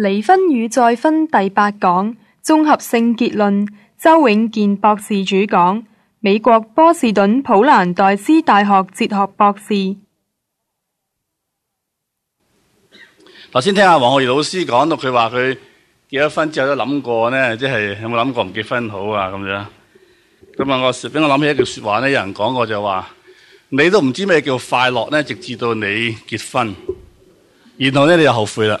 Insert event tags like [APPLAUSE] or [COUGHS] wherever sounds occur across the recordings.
離婚與再婚第八講綜合性結論，周永健博士主講，美國波士頓普蘭代斯大學哲學博士。頭先聽阿黃浩儀老師講到，佢話佢結咗婚之後都諗過呢，即係有冇諗過唔結婚好啊，咁樣。咁啊，我俾我諗起一句說話呢，有人講過就話，你都唔知咩叫快樂呢，直至到你結婚，然後呢，你就後悔啦。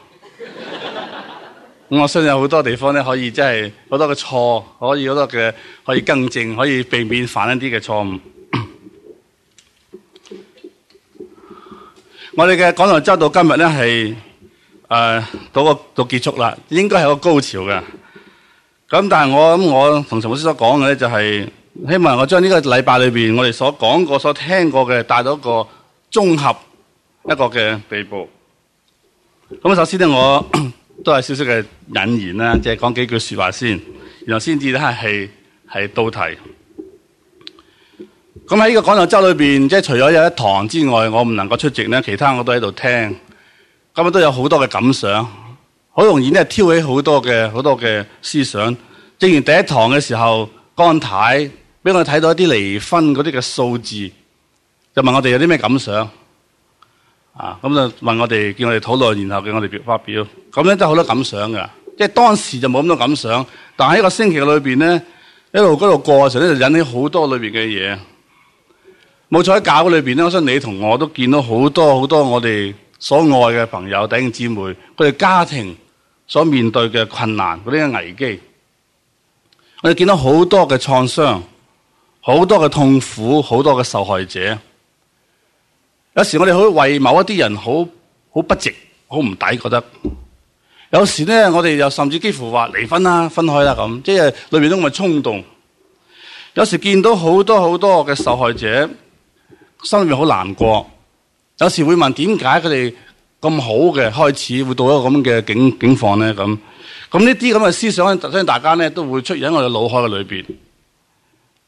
咁我相信好多地方咧可以，即係好多嘅錯可以好多嘅可以更正，可以避免犯一啲嘅錯誤。我哋嘅講座周到今日咧係誒到個到結束啦，應該係個高潮嘅。咁但係我諗，我同陳老師所講嘅咧就係，是，希望我將呢個禮拜裏面我哋所講過，所聽過嘅帶到一個綜合一個嘅地步。咁首先咧我。 [COUGHS] 都係少少嘅引言啦，即係講幾句說話先，然後先至咧係係到題。咁喺呢個講座周裏面，即係除咗有一堂之外，我唔能夠出席呢，其他我都喺度聽。咁啊都有好多嘅感想，好容易呢挑起好多嘅好多嘅思想。正如第一堂嘅時候，江太俾我哋睇到一啲離婚嗰啲嘅數字，就問我哋有啲咩感想。啊！咁就問我哋，叫我哋討論，然後叫我哋表發表。咁咧都好多感想噶，即係當時就冇咁多感想，但喺一個星期裏面咧，一路嗰度過嘅時候咧，就引起好多裏面嘅嘢。冇錯喺教會裏面咧，我想你同我都見到好多好多我哋所愛嘅朋友弟兄姊妹，佢哋家庭所面對嘅困難，嗰啲嘅危機，我哋見到好多嘅創傷，好多嘅痛苦，好多嘅受害者。有時我哋好為某一啲人好好不值，好唔抵，覺得有時咧，我哋又甚至幾乎話離婚啦、分開啦咁，即係裏邊都咁嘅衝動。有時見到好多好多嘅受害者，心裏面好難過。有時會問點解佢哋咁好嘅開始會到一個咁嘅景境況咧？咁咁呢啲咁嘅思想，相信大家咧都會出現喺我哋腦海嘅裏邊。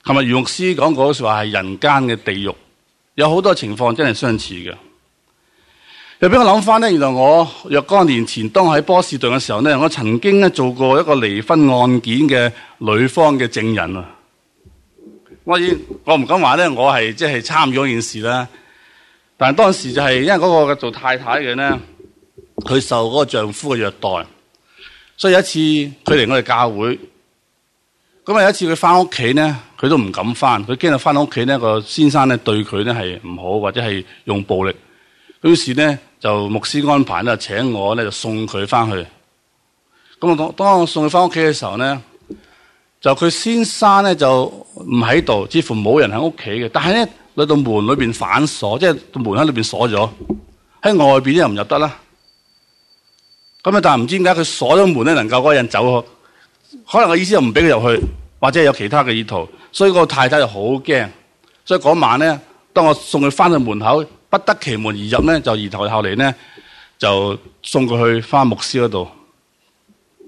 琴日余牧師講嗰句說過話係人間嘅地獄。有好多情況真係相似嘅。又俾我諗翻咧，原來我若干年前當我喺波士頓嘅時候咧，我曾經咧做過一個離婚案件嘅女方嘅證人啊。我我唔敢話咧，我係即係參與嗰件事啦。但係當時就係、是、因為嗰個做太太嘅咧，佢受嗰個丈夫嘅虐待，所以有一次佢嚟我哋教會。咁啊！有一次佢翻屋企咧，佢都唔敢翻，佢驚啊！翻到屋企咧，個先生咧對佢咧係唔好，或者係用暴力。於是咧就牧師安排咧請我咧就送佢翻去。咁我當當我送佢翻屋企嘅時候咧，就佢先生咧就唔喺度，似乎冇人喺屋企嘅。但係咧，嗰道門裏邊反鎖，即係道門喺裏邊鎖咗，喺外邊咧又唔入得啦。咁啊，但係唔知點解佢鎖咗門咧，能夠嗰人走可能我意思又唔俾佢入去，或者有其他嘅意圖，所以個太太就好驚。所以嗰晚咧，當我送佢翻到門口，不得其門而入咧，就移頭後嚟咧，就送佢去翻牧師嗰度。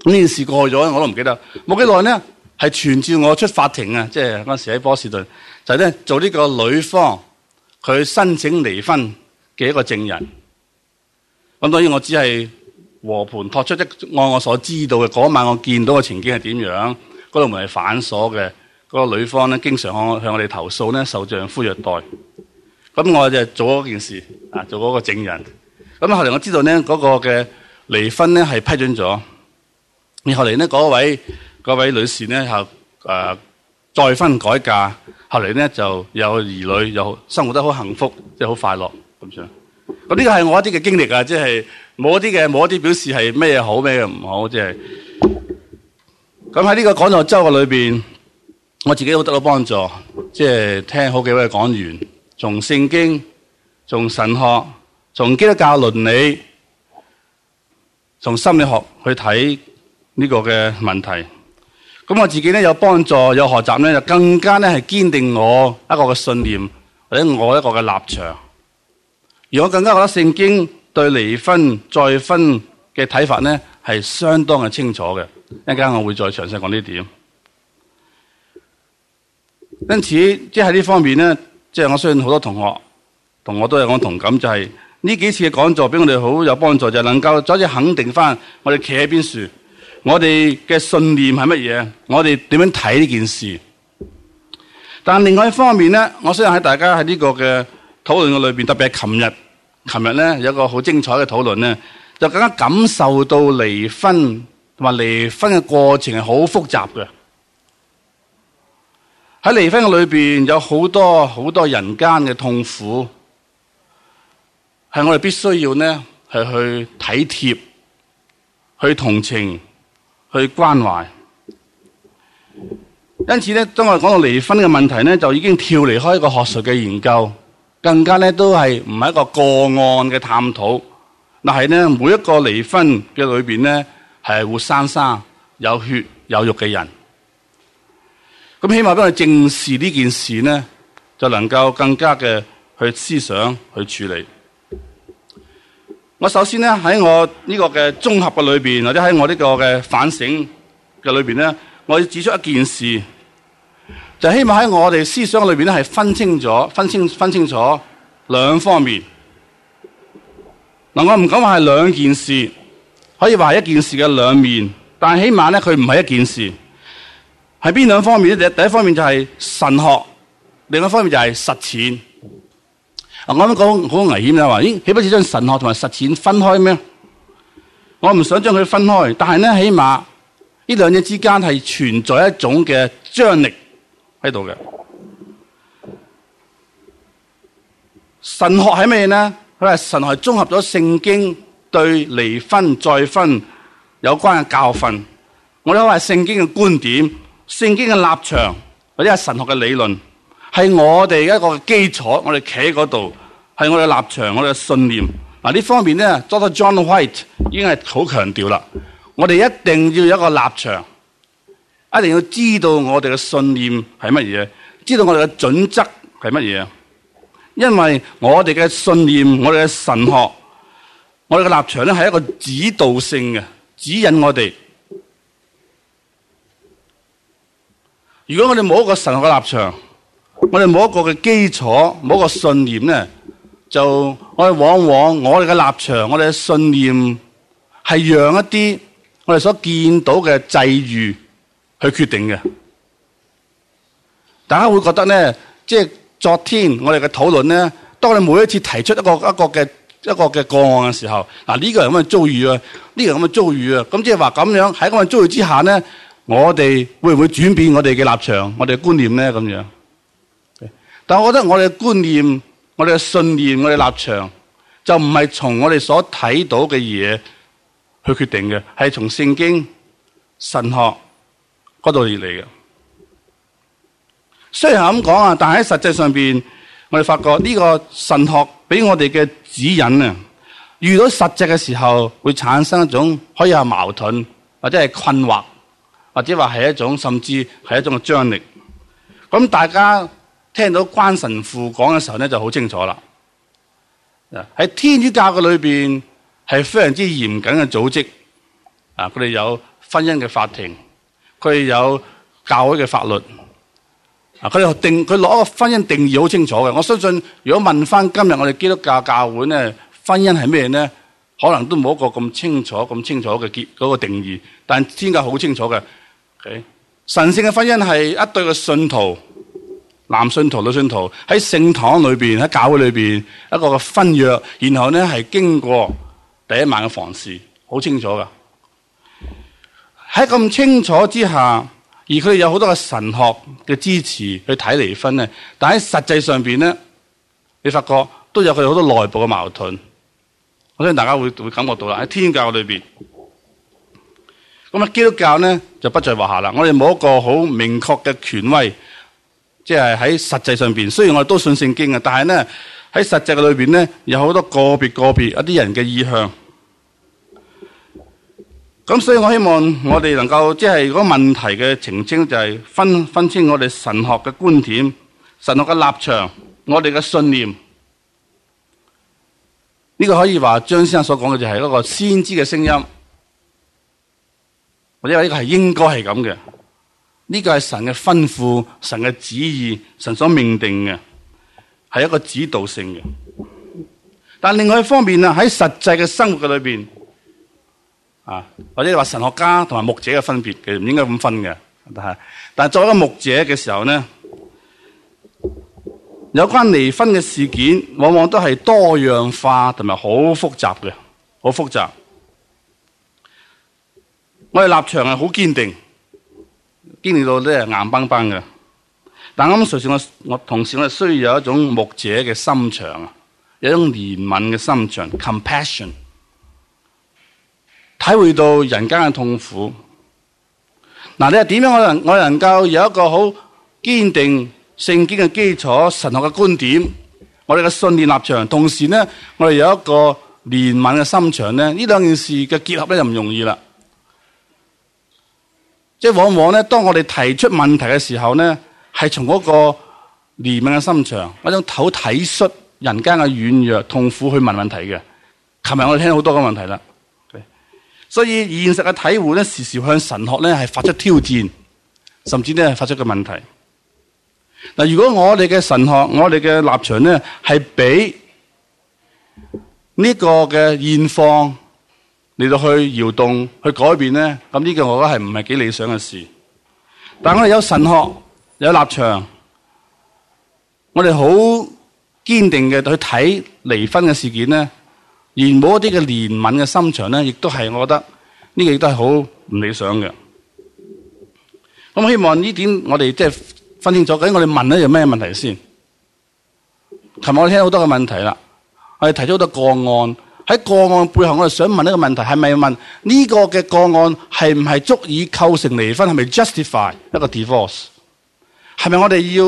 呢件事過咗，我都唔記得。冇幾耐咧，係傳召我出法庭啊！即係嗰時喺波士頓，就係咧做呢個女方佢申請離婚嘅一個證人。咁當然我只係，和盤托出，一按我所知道嘅嗰晚，我見到嘅情景係點樣。嗰道門係反鎖嘅。嗰個女方咧，經常向我向我哋投訴咧，受丈夫虐待。咁我就做嗰件事，啊，做嗰個證人。咁後嚟我知道呢，嗰個嘅離婚呢係批准咗。然後嚟呢，嗰位嗰位女士呢，就誒再婚改嫁，後嚟呢，就有兒女，又生活得好幸福，即係好快樂咁樣。咁呢個係我一啲嘅經歷啊，即係。冇啲嘅，冇啲表示係咩嘢好，咩嘢唔好，即係。咁喺呢個講座周嘅裏邊，我自己都得到幫助，即係聽好幾位講員，從聖經、從神學、從基督教倫理、從心理學去睇呢個嘅問題。咁我自己咧有幫助，有學習咧，就更加咧係堅定我一個嘅信念，或者我一個嘅立場，而我更加覺得聖經。對離婚再婚嘅睇法呢，係相當嘅清楚嘅。一陣間我會再詳細講呢點。因此，即係呢方面呢，即係我相信好多同學，同我都有講同感，就是，就係呢幾次嘅講座俾我哋好有幫助，就是，能夠再一次肯定翻我哋企喺邊處，我哋嘅信念係乜嘢，我哋點樣睇呢件事。但另外一方面呢，我相信喺大家喺呢個嘅討論嘅裏邊，特別係琴日。琴日呢，有一個好精彩嘅討論呢，就更加感受到離婚同埋離婚嘅過程係好複雜嘅。喺離婚嘅裏面，有好多好多人間嘅痛苦，係我哋必須要呢，係去體貼、去同情、去關懷。因此呢，當我哋講到離婚嘅問題呢，就已經跳離開一個學術嘅研究。更加咧，都係唔係一個個案嘅探討，但係呢，每一個離婚嘅裏邊呢，係活生生有血有肉嘅人，咁希望都係正視呢件事呢，就能夠更加嘅去思想去處理。我首先呢，喺我呢個嘅綜合嘅裏邊，或者喺我呢個嘅反省嘅裏邊呢，我要指出一件事。就希望喺我哋思想裏邊咧，係分清楚、分清、分清楚兩方面。嗱，我唔敢話係兩件事，可以話係一件事嘅兩面，但係起碼咧，佢唔係一件事。係邊兩方面咧？第一，第一方面就係神學，另一方面就係實踐。我啱啱講好危險，就話咦，豈不是將神學同埋實踐分開咩？我唔想將佢分開，但係咧，起碼呢兩者之間係存在一種嘅張力。喺度嘅神學係咩呢？佢話神學係綜合咗聖經對離婚再婚有關嘅教訓。我哋都係聖經嘅觀點、聖經嘅立場，或者係神學嘅理論，係我哋一個基礎，我哋企喺嗰度，係我哋立場、我哋嘅信念。嗱呢方面呢，Dr. John White 已經係好強調啦。我哋一定要有一個立場。一定要知道我哋嘅信念係乜嘢，知道我哋嘅準則係乜嘢。因為我哋嘅信念，我哋嘅神學，我哋嘅立場咧係一個指導性嘅，指引我哋。如果我哋冇一個神學嘅立場，我哋冇一個嘅基礎，冇一個信念咧，就我哋往往我哋嘅立場，我哋嘅信念係讓一啲我哋所見到嘅際遇去決定嘅，大家會覺得呢，即係昨天我哋嘅討論呢，當你每一次提出一個一個嘅一個嘅個案嘅時候，嗱呢個人咁嘅遭遇啊，呢個人咁嘅遭遇啊，咁即係話咁樣喺咁嘅遭遇之下呢，我哋會唔會轉變我哋嘅立場、我哋嘅觀念咧？咁樣，但係我覺得我哋嘅觀念、我哋嘅信念、我哋立場就唔係從我哋所睇到嘅嘢去決定嘅，係從聖經神學。嗰度嚟嘅，雖然係咁講啊，但係喺實際上邊，我哋發覺呢個神學俾我哋嘅指引啊，遇到實際嘅時候會產生一種可以係矛盾，或者係困惑，或者話係一種甚至係一種嘅張力。咁大家聽到關神父講嘅時候咧，就好清楚啦。喺天主教嘅裏邊係非常之嚴謹嘅組織，啊，佢哋有婚姻嘅法庭。佢有教會嘅法律，佢定佢攞一個婚姻定義好清楚嘅。我相信如果問翻今日我哋基督教教會咧，婚姻係咩咧？可能都冇一個咁清楚、咁清楚嘅結嗰個定義。但天教好清楚嘅，okay? 神聖嘅婚姻係一對嘅信徒，男信徒女信徒，喺聖堂裏邊喺教會裏邊一個嘅婚約，然後咧係經過第一晚嘅房事，好清楚噶。喺咁清楚之下，而佢哋有好多嘅神學嘅支持去睇離婚呢。但喺實際上邊呢，你發覺都有佢哋好多內部嘅矛盾，我相信大家會會感覺到啦。喺天教裏邊，咁啊基督教呢就不在話下啦。我哋冇一個好明確嘅權威，即係喺實際上邊。雖然我哋都信聖經嘅，但係呢，喺實際嘅裏邊呢，有好多個別個別一啲人嘅意向。咁所以我希望我哋能夠，即係如果問題嘅澄清就係分分清我哋神學嘅觀點、神學嘅立場、我哋嘅信念。呢個可以話張先生所講嘅就係一個先知嘅聲音，或者係呢個係應該係咁嘅，呢個係神嘅吩咐、神嘅旨意、神所命定嘅，係一個指導性嘅。但另外一方面啊，喺實際嘅生活嘅裏邊。啊，或者你話神學家同埋牧者嘅分別，其實唔應該咁分嘅，但係但係作為一個牧者嘅時候咧，有關離婚嘅事件，往往都係多樣化同埋好複雜嘅，好複雜。我哋立場係好堅定，堅定到咧硬邦邦嘅。但係咁，同時我我同時我哋需要有一種牧者嘅心腸啊，有一種憐憫嘅心腸，compassion。體會到人間嘅痛苦，嗱，你又點樣我能我能夠有一個好堅定聖經嘅基礎、神學嘅觀點、我哋嘅信念立場，同時呢，我哋有一個憐憫嘅心腸呢？呢兩件事嘅結合呢，就唔容易啦。即係往往呢，當我哋提出問題嘅時候呢，係從嗰個憐憫嘅心腸，一種好體恤人間嘅軟弱、痛苦去問問題嘅。琴日我哋聽到好多個問題啦。所以現實嘅體會呢，時時向神學呢係發出挑戰，甚至呢發出個問題。但如果我哋嘅神學、我哋嘅立場呢係俾呢個嘅現況嚟到去搖動、去改變呢，噉呢個我覺得係唔係幾理想嘅事。但係我哋有神學、有立場，我哋好堅定嘅去睇離婚嘅事件呢，而冇一啲嘅憐憫嘅心腸咧，亦都係我覺得呢、這個亦都係好唔理想嘅。咁、嗯、希望呢點我哋即係分清楚。究竟我哋問呢有咩問題先？琴日我哋聽好多嘅問題啦，我哋提出好多個案，喺個案背後，我哋想問一個問題係咪問呢個嘅個案係唔係足以構成離婚？係咪 justify 一個 divorce？係咪我哋要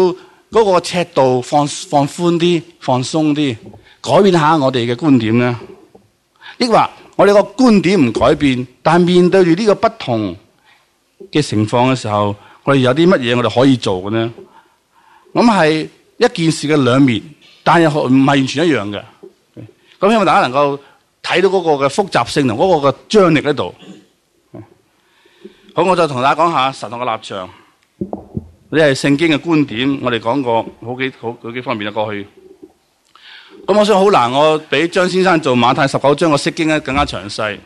嗰個尺度放放寬啲、放鬆啲、改變下我哋嘅觀點咧？抑或我哋個觀點唔改變，但係面對住呢個不同嘅情況嘅時候，我哋有啲乜嘢我哋可以做嘅呢？咁係一件事嘅兩面，但係唔係完全一樣嘅。咁希望大家能夠睇到嗰個嘅複雜性同嗰個嘅張力喺度。好，我再同大家講下神學嘅立場。呢係聖經嘅觀點，我哋講過好幾好幾方面嘅過去。咁我想好難，我俾張先生做《馬太十九章》嘅釋經咧更加詳細，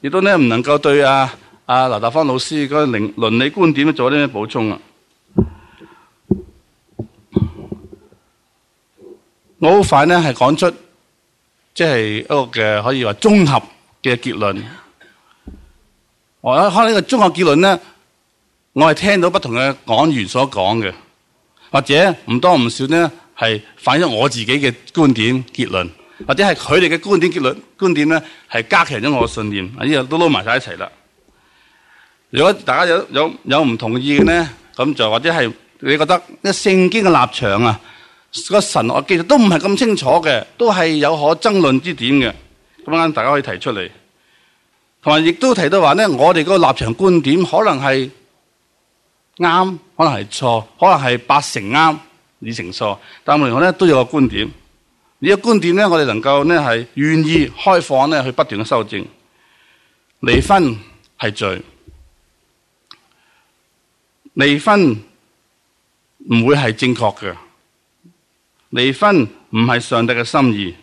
亦都咧唔能夠對啊啊劉達芳老師嗰個倫理觀點做啲咩補充啊！我好快咧係講出，即係一個嘅可以話綜合嘅結論。我可能呢個綜合結論咧，我係聽到不同嘅講員所講嘅，或者唔多唔少呢。係反映咗我自己嘅觀點結論，或者係佢哋嘅觀點結論。觀點咧係加強咗我嘅信念，呢個都撈埋晒一齊啦。如果大家有有有唔同意嘅咧，咁就或者係你覺得呢聖經嘅立場啊，個神學基礎都唔係咁清楚嘅，都係有可爭論之點嘅。咁啱大家可以提出嚟，同埋亦都提到話咧，我哋嗰個立場觀點可能係啱，可能係錯，可能係八成啱。已成熟，但係我咧都有個觀點。呢、這個觀點咧，我哋能夠咧係願意開放咧去不斷嘅修正。離婚係罪，離婚唔會係正確嘅，離婚唔係上帝嘅心意，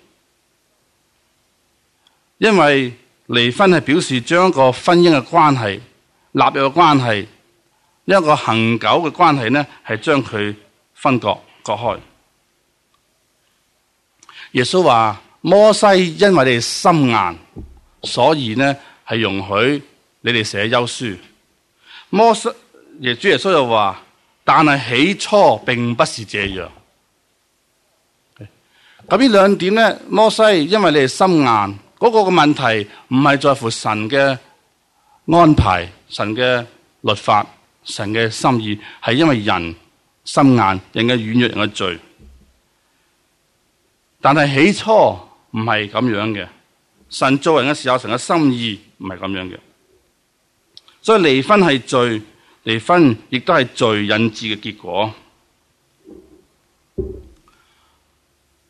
因為離婚係表示將一個婚姻嘅關係、立約嘅關係、一個恆久嘅關係咧，係將佢分割。隔開。耶穌話：摩西因為你哋心硬，所以呢係容許你哋寫休書。摩西，耶穌耶穌又話：但係起初並不是這樣。咁呢兩點呢？摩西因為你哋心硬，嗰、那個嘅問題唔係在乎神嘅安排、神嘅律法、神嘅心意，係因為人。心硬，人嘅軟弱，人嘅罪。但係起初唔係咁樣嘅，神造人嘅時候，神嘅心意唔係咁樣嘅。所以離婚係罪，離婚亦都係罪引致嘅結果。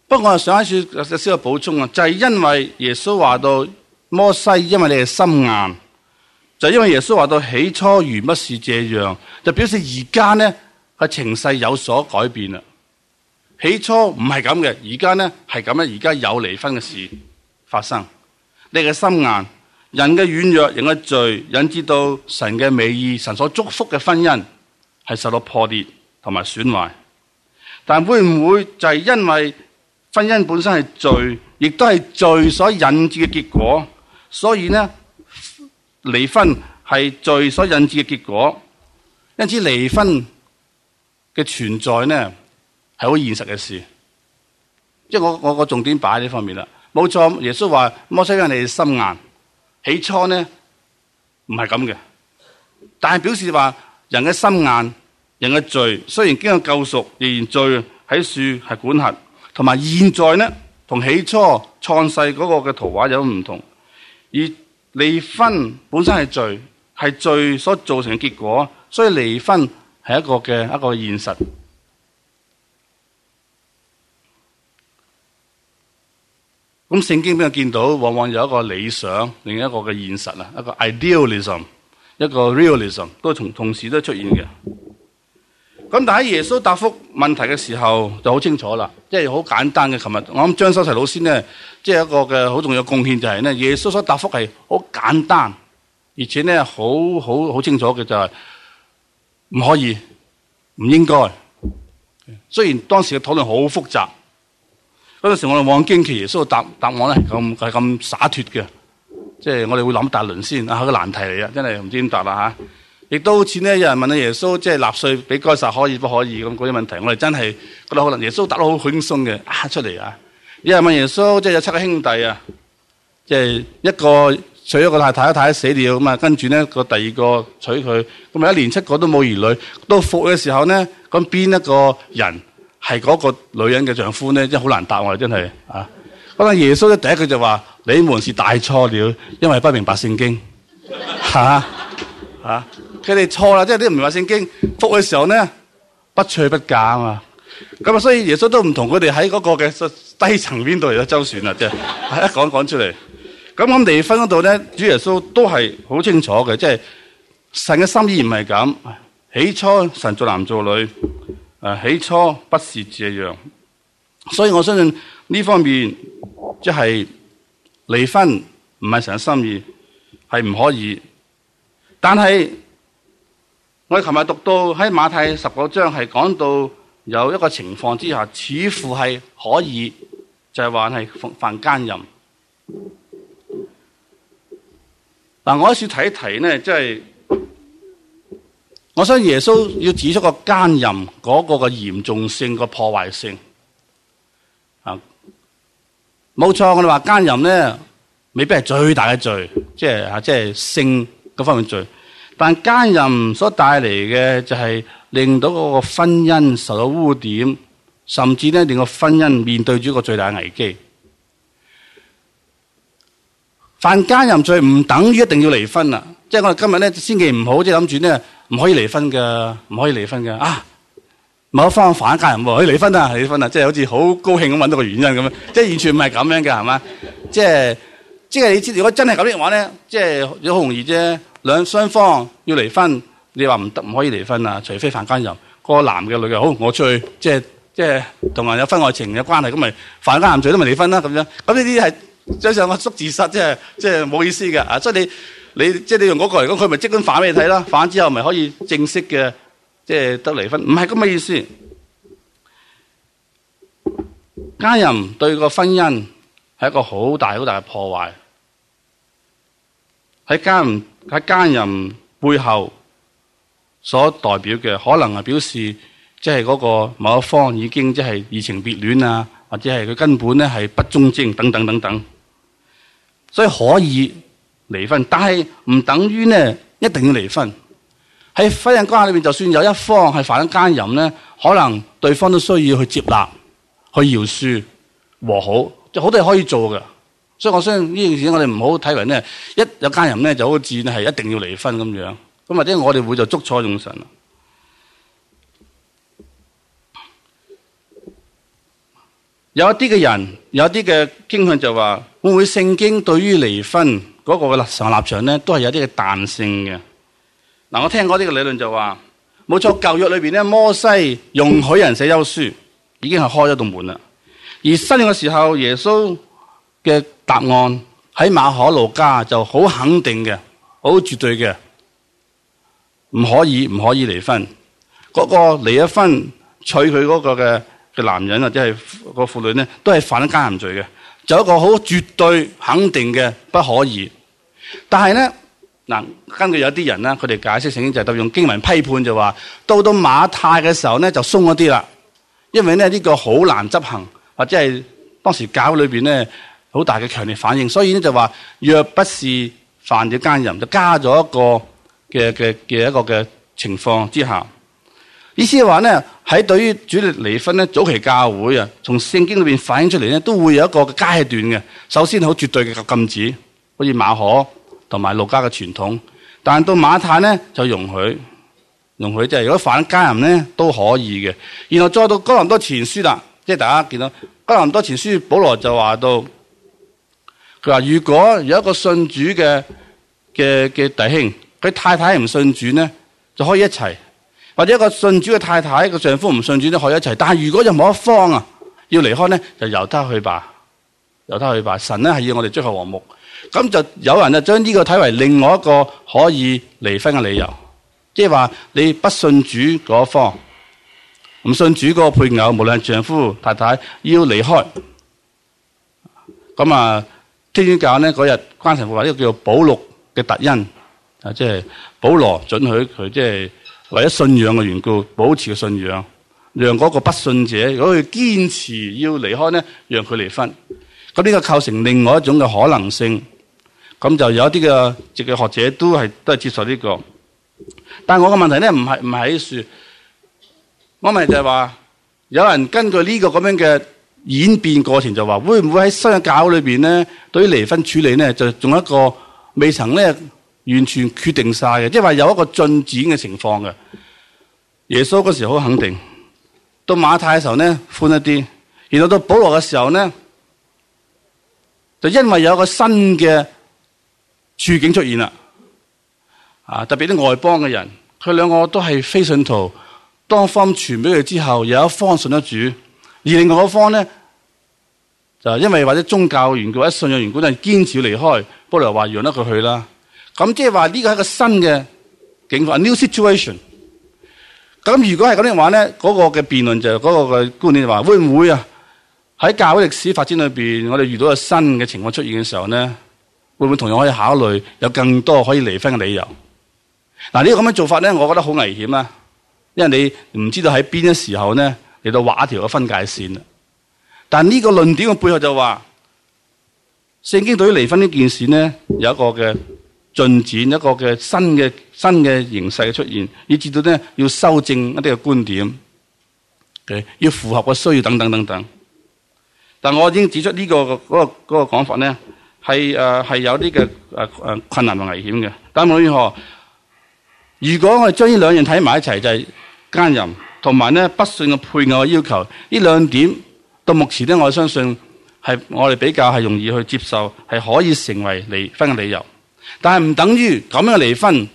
不過我上一次處有少少補充啊，就係、是、因為耶穌話到摩西因為你係心硬，就是、因為耶穌話到起初原不是這樣，就表示而家呢？個情勢有所改變啦。起初唔係咁嘅，而家呢係咁嘅。而家有離婚嘅事發生，你嘅心硬，人嘅軟弱，人嘅罪，引致到神嘅美意，神所祝福嘅婚姻係受到破裂同埋損壞。但會唔會就係因為婚姻本身係罪，亦都係罪所引致嘅結果，所以呢，離婚係罪所引致嘅結果，因此離婚。嘅存在呢係好現實嘅事，即係我我個重點擺喺呢方面啦。冇錯，耶穌話：摩西人哋心硬，起初呢唔係咁嘅，但係表示話人嘅心硬，人嘅罪雖然經過救贖，仍然罪喺樹係管轄，同埋現在呢，同起初創世嗰個嘅圖畫有唔同。而離婚本身係罪，係罪所造成嘅結果，所以離婚。係一個嘅一個的現實。咁聖經畀我見到，往往有一個理想，另一個嘅現實，一個 idealism，一個 realism 都同同時都出現嘅。咁但喺耶穌答覆問題嘅時候就好清楚啦，即係好簡單嘅。琴日我諗張修齊老師呢，即係一個嘅好重要嘅貢獻就係呢：耶穌所答覆係好簡單，而且呢，好好好清楚嘅就係。唔可以，唔應該。雖然當時嘅討論好複雜，嗰陣時我哋望見奇耶穌答答案咧，咁係咁灑脱嘅。即係我哋會諗大輪先，啊個難題嚟啊，真係唔知點答啦嚇。亦都好似有人問你：「耶穌即係納稅俾該撒可以不可以咁嗰啲問題，我哋真係覺得可能耶穌答得好輕鬆嘅，啊出嚟啊！有人問耶穌，即係有七個兄弟啊，即係一個。娶咗個太太個太太死了咁嘛，跟住呢個第二個娶佢，咁啊一連七個都冇兒女，到復嘅時候呢，咁邊一個人係嗰個女人嘅丈夫呢？真係好難答我哋，真係啊！咁啊,啊，耶穌咧第一句就話：你們是大錯了，因為不明白聖經。吓吓，佢、啊、哋、啊啊啊、錯啦，即係啲唔明白聖經，復嘅時候呢，不娶不嫁啊嘛，咁啊，所以耶穌都唔同佢哋喺嗰個嘅低層邊度嚟咗周旋啦，即、啊、係一講講出嚟。咁我離婚嗰度咧，主耶穌都係好清楚嘅，即係神嘅心意唔係咁。起初神做男做女，啊，起初不是這樣，所以我相信呢方面即係離婚唔係神嘅心意，係唔可以。但係我琴日讀到喺馬太十九章係講到有一個情況之下，似乎係可以，就係話係犯奸淫。嗱，我一次睇一提咧，即係我想耶穌要指出個奸淫嗰個嘅嚴重性、個破壞性啊，冇錯，我哋話奸淫咧未必係最大嘅罪，即係啊，即係性嗰方面罪，但奸淫所帶嚟嘅就係令到嗰個婚姻受到污點，甚至咧令個婚姻面對住一個最大嘅危機。犯奸淫罪唔等於一定要離婚啦，即係我哋今日咧千祈唔好，即係諗住咧唔可以離婚嘅，唔可以離婚嘅啊！某一方犯奸淫可以離婚啦，離婚啦，即係好似好高興咁搵到個原因咁樣，即係完全唔係咁樣嘅，係嘛？即係即係你知，如果真係咁樣話咧，即係好容易啫。兩雙方要離婚，你話唔得，唔可以離婚啊？除非犯奸淫，個男嘅女嘅，好，我出去即係即係同人有婚外情嘅關係，咁咪犯奸淫罪都咪離婚啦咁樣。咁呢啲係。加上我叔自殺，即係即係冇意思嘅。啊，所以你你即係、就是、你用嗰個嚟講，佢咪即管反畀你睇啦，反之後咪可以正式嘅即係得離婚，唔係咁嘅意思。奸淫對個婚姻係一個好大好大嘅破壞。喺奸喺奸淫背後所代表嘅，可能係表示即係嗰個某一方已經即係移情別戀啊。或者係佢根本咧係不忠貞等等等等，所以可以離婚，但係唔等於咧一定要離婚。喺婚姻關係裏面，就算有一方係犯咗奸淫咧，可能對方都需要去接納、去饒恕、和好，即係好多嘢可以做嘅。所以我相信呢件事我哋唔好睇為咧一有奸淫咧就好似係一定要離婚咁樣，咁或者我哋會就捉錯用神。有一啲嘅人，有一啲嘅傾向就話，會唔會聖經對於離婚嗰個嘅立場立場咧，都係有啲嘅彈性嘅？嗱，我聽過啲嘅理論就話，冇錯，舊約裏邊咧，摩西容許人寫休書，已經係開咗道門啦。而新嘅時候，耶穌嘅答案喺馬可路加就好肯定嘅，好絕對嘅，唔可以，唔可以離婚，嗰、嗰個離咗婚，娶佢嗰個嘅嘅男人或者係個婦女咧，都係犯咗奸淫罪嘅，就一個好絕對肯定嘅不可以。但係咧嗱，根據有啲人咧，佢哋解釋成已經就係到用經文批判就話，到到馬太嘅時候咧就鬆一啲啦，因為咧呢個好難執行，或者係當時教裏邊咧好大嘅強烈反應，所以咧就話若不是犯咗奸淫，就加咗一個嘅嘅嘅一個嘅情況之下。意思話咧喺，對於主力離婚咧，早期教會啊，從聖經裏邊反映出嚟咧，都會有一個階段嘅。首先好絕對嘅禁止，好似馬可同埋路加嘅傳統。但係到馬太咧就容許，容許即係如果反家人咧都可以嘅。然後再到哥林多前書啦，即係大家見到哥林多前書，保羅就話到，佢話如果有一個信主嘅嘅嘅弟兄，佢太太唔信主咧，就可以一齊。或者一個信主嘅太太個丈夫唔信主都可以一齊，但係如果有某一方啊要離開呢，就由他去吧，由他去吧。神呢係要我哋追求和睦，咁就有人就將呢個睇為另外一個可以離婚嘅理由，即係話你不信主嗰方唔信主嗰個配偶，無論係丈夫太太要離開，咁啊，天主教呢嗰日關神父話呢個叫做保祿嘅特恩啊，即係保羅准許佢即係。為咗信仰嘅緣故，保持個信仰，讓嗰個不信者，如果佢堅持要離開呢，讓佢離婚。咁呢個構成另外一種嘅可能性。咁就有啲嘅哲學學者都係都係接受呢個。但係我嘅問題呢唔係唔係喺度，我問題就係話，有人根據呢個咁樣嘅演變過程就說，就話會唔會喺新約教裏邊呢對於離婚處理呢就仲有一個未曾呢完全決定晒嘅，因為有一個進展嘅情況嘅。耶穌嗰時好肯定，到馬太嘅時候咧寬一啲，然後到保羅嘅時候咧，就因為有一個新嘅處境出現啦，啊，特別啲外邦嘅人，佢兩個都係非信徒，當方傳俾佢之後，有一方信得主，而另外一方咧就因為或者宗教緣故或者信仰嘅緣故，都係堅持要離開，保羅話讓得佢去啦。咁即係話呢個係個新嘅境況，new situation。咁如果係咁樣話咧，嗰個嘅辯論就係嗰個嘅觀念就話，那個就是那個就是、會唔會啊喺教會歷史發展裏邊，我哋遇到個新嘅情況出現嘅時候咧，會唔會同樣可以考慮有更多可以離婚嘅理由？嗱，呢個咁樣做法咧，我覺得好危險啊，因為你唔知道喺邊一時候咧嚟,到畫條條嘅分界線。但呢個論點嘅背後就話，聖經對於離婚呢件事呢，有一個嘅。進展一個嘅新嘅新嘅形勢嘅出現，以至到呢，要修正一啲嘅觀點，要符合個需要等等等等。但我已經指出呢、呢個嗰、嗰個嗰講、嗰個、法呢，係誒係有啲嘅困難同危險嘅。但我如何？如果我係將呢兩樣睇埋一齊，就係奸淫同埋呢不信嘅配偶嘅要求，呢兩點到目前呢，我相信係我哋比較係容易去接受，係可以成為離婚嘅理由。但係唔等於咁樣嘅離婚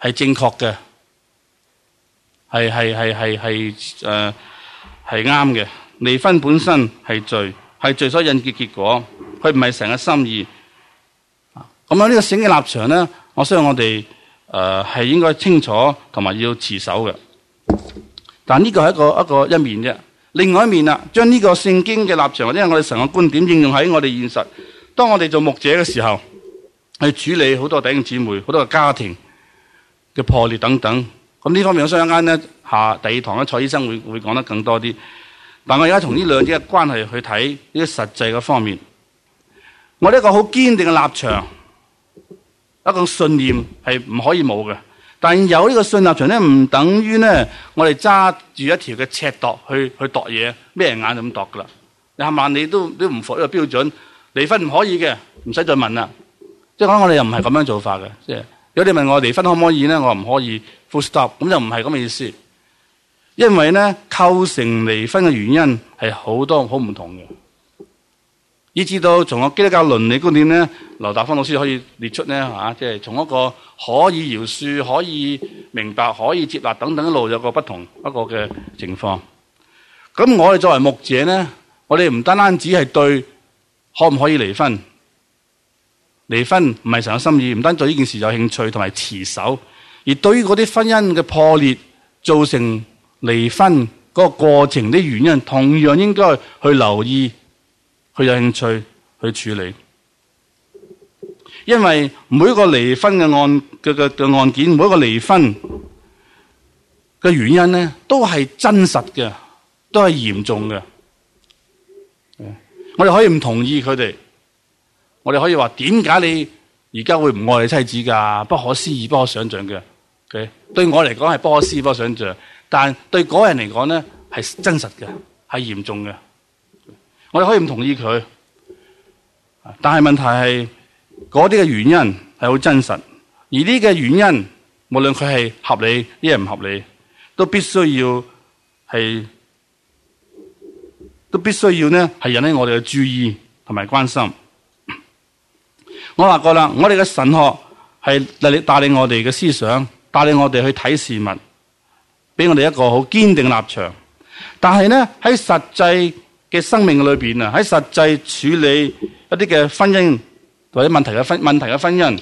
係正確嘅，係係係係係誒係啱嘅。離婚本身係罪，係罪所引結結果，佢唔係神嘅心意。咁樣呢個聖經嘅立場呢，我相信我哋誒係應該清楚同埋要持守嘅。但呢個係一個一個一面啫。另外一面啦，將呢個聖經嘅立場或者我哋神嘅觀點應用喺我哋現實，當我哋做牧者嘅時候。去處理好多弟兄姊妹、好多個家庭嘅破裂等等。咁呢方面我想一陣間咧，下第二堂咧，蔡醫生會會講得更多啲。但我而家從呢兩者嘅關係去睇呢個實際嘅方面，我呢一個好堅定嘅立場，一個信念係唔可以冇嘅。但係有呢個信立場咧，唔等於咧我哋揸住一條嘅尺度去去度嘢，咩人眼就咁度㗎啦。廿萬你都都唔符合呢個標準，離婚唔可以嘅，唔使再問啦。即係我哋又唔係咁樣做法嘅，即係如果你問我離婚可唔可以咧？我話唔可以 full stop，咁就唔係咁嘅意思。因為咧構成離婚嘅原因係好多好唔同嘅，以至到從我基督教倫理觀點咧，劉達芳老師可以列出咧吓，即、啊、係、就是、從一個可以饒恕、可以明白、可以接納等等一路有一個不同一個嘅情況。咁我哋作為牧者咧，我哋唔單單只係對可唔可以離婚。離婚唔係成有心意，唔單對呢件事有興趣同埋持守，而對於嗰啲婚姻嘅破裂造成離婚嗰個過程的原因，同樣應該去留意、去有興趣去處理。因為每一個離婚嘅案嘅嘅案件，每一個離婚嘅原因咧，都係真實嘅，都係嚴重嘅。我哋可以唔同意佢哋。我哋可以話，點解你而家會唔愛你妻子噶？不可思議，不可想象嘅。OK，對我嚟講係不可思議、不可想象，但對嗰人嚟講咧係真實嘅，係嚴重嘅。我哋可以唔同意佢，但係問題係嗰啲嘅原因係好真實，而呢嘅原因無論佢係合理呢亦唔合理，都必須要係都必須要咧係引起我哋嘅注意同埋關心。我話過啦，我哋嘅神學係嚟帶領我哋嘅思想，帶領我哋去睇事物，俾我哋一個好堅定嘅立場。但係呢，喺實際嘅生命裏邊啊，喺實際處理一啲嘅婚姻或者問題嘅婚問題嘅婚姻，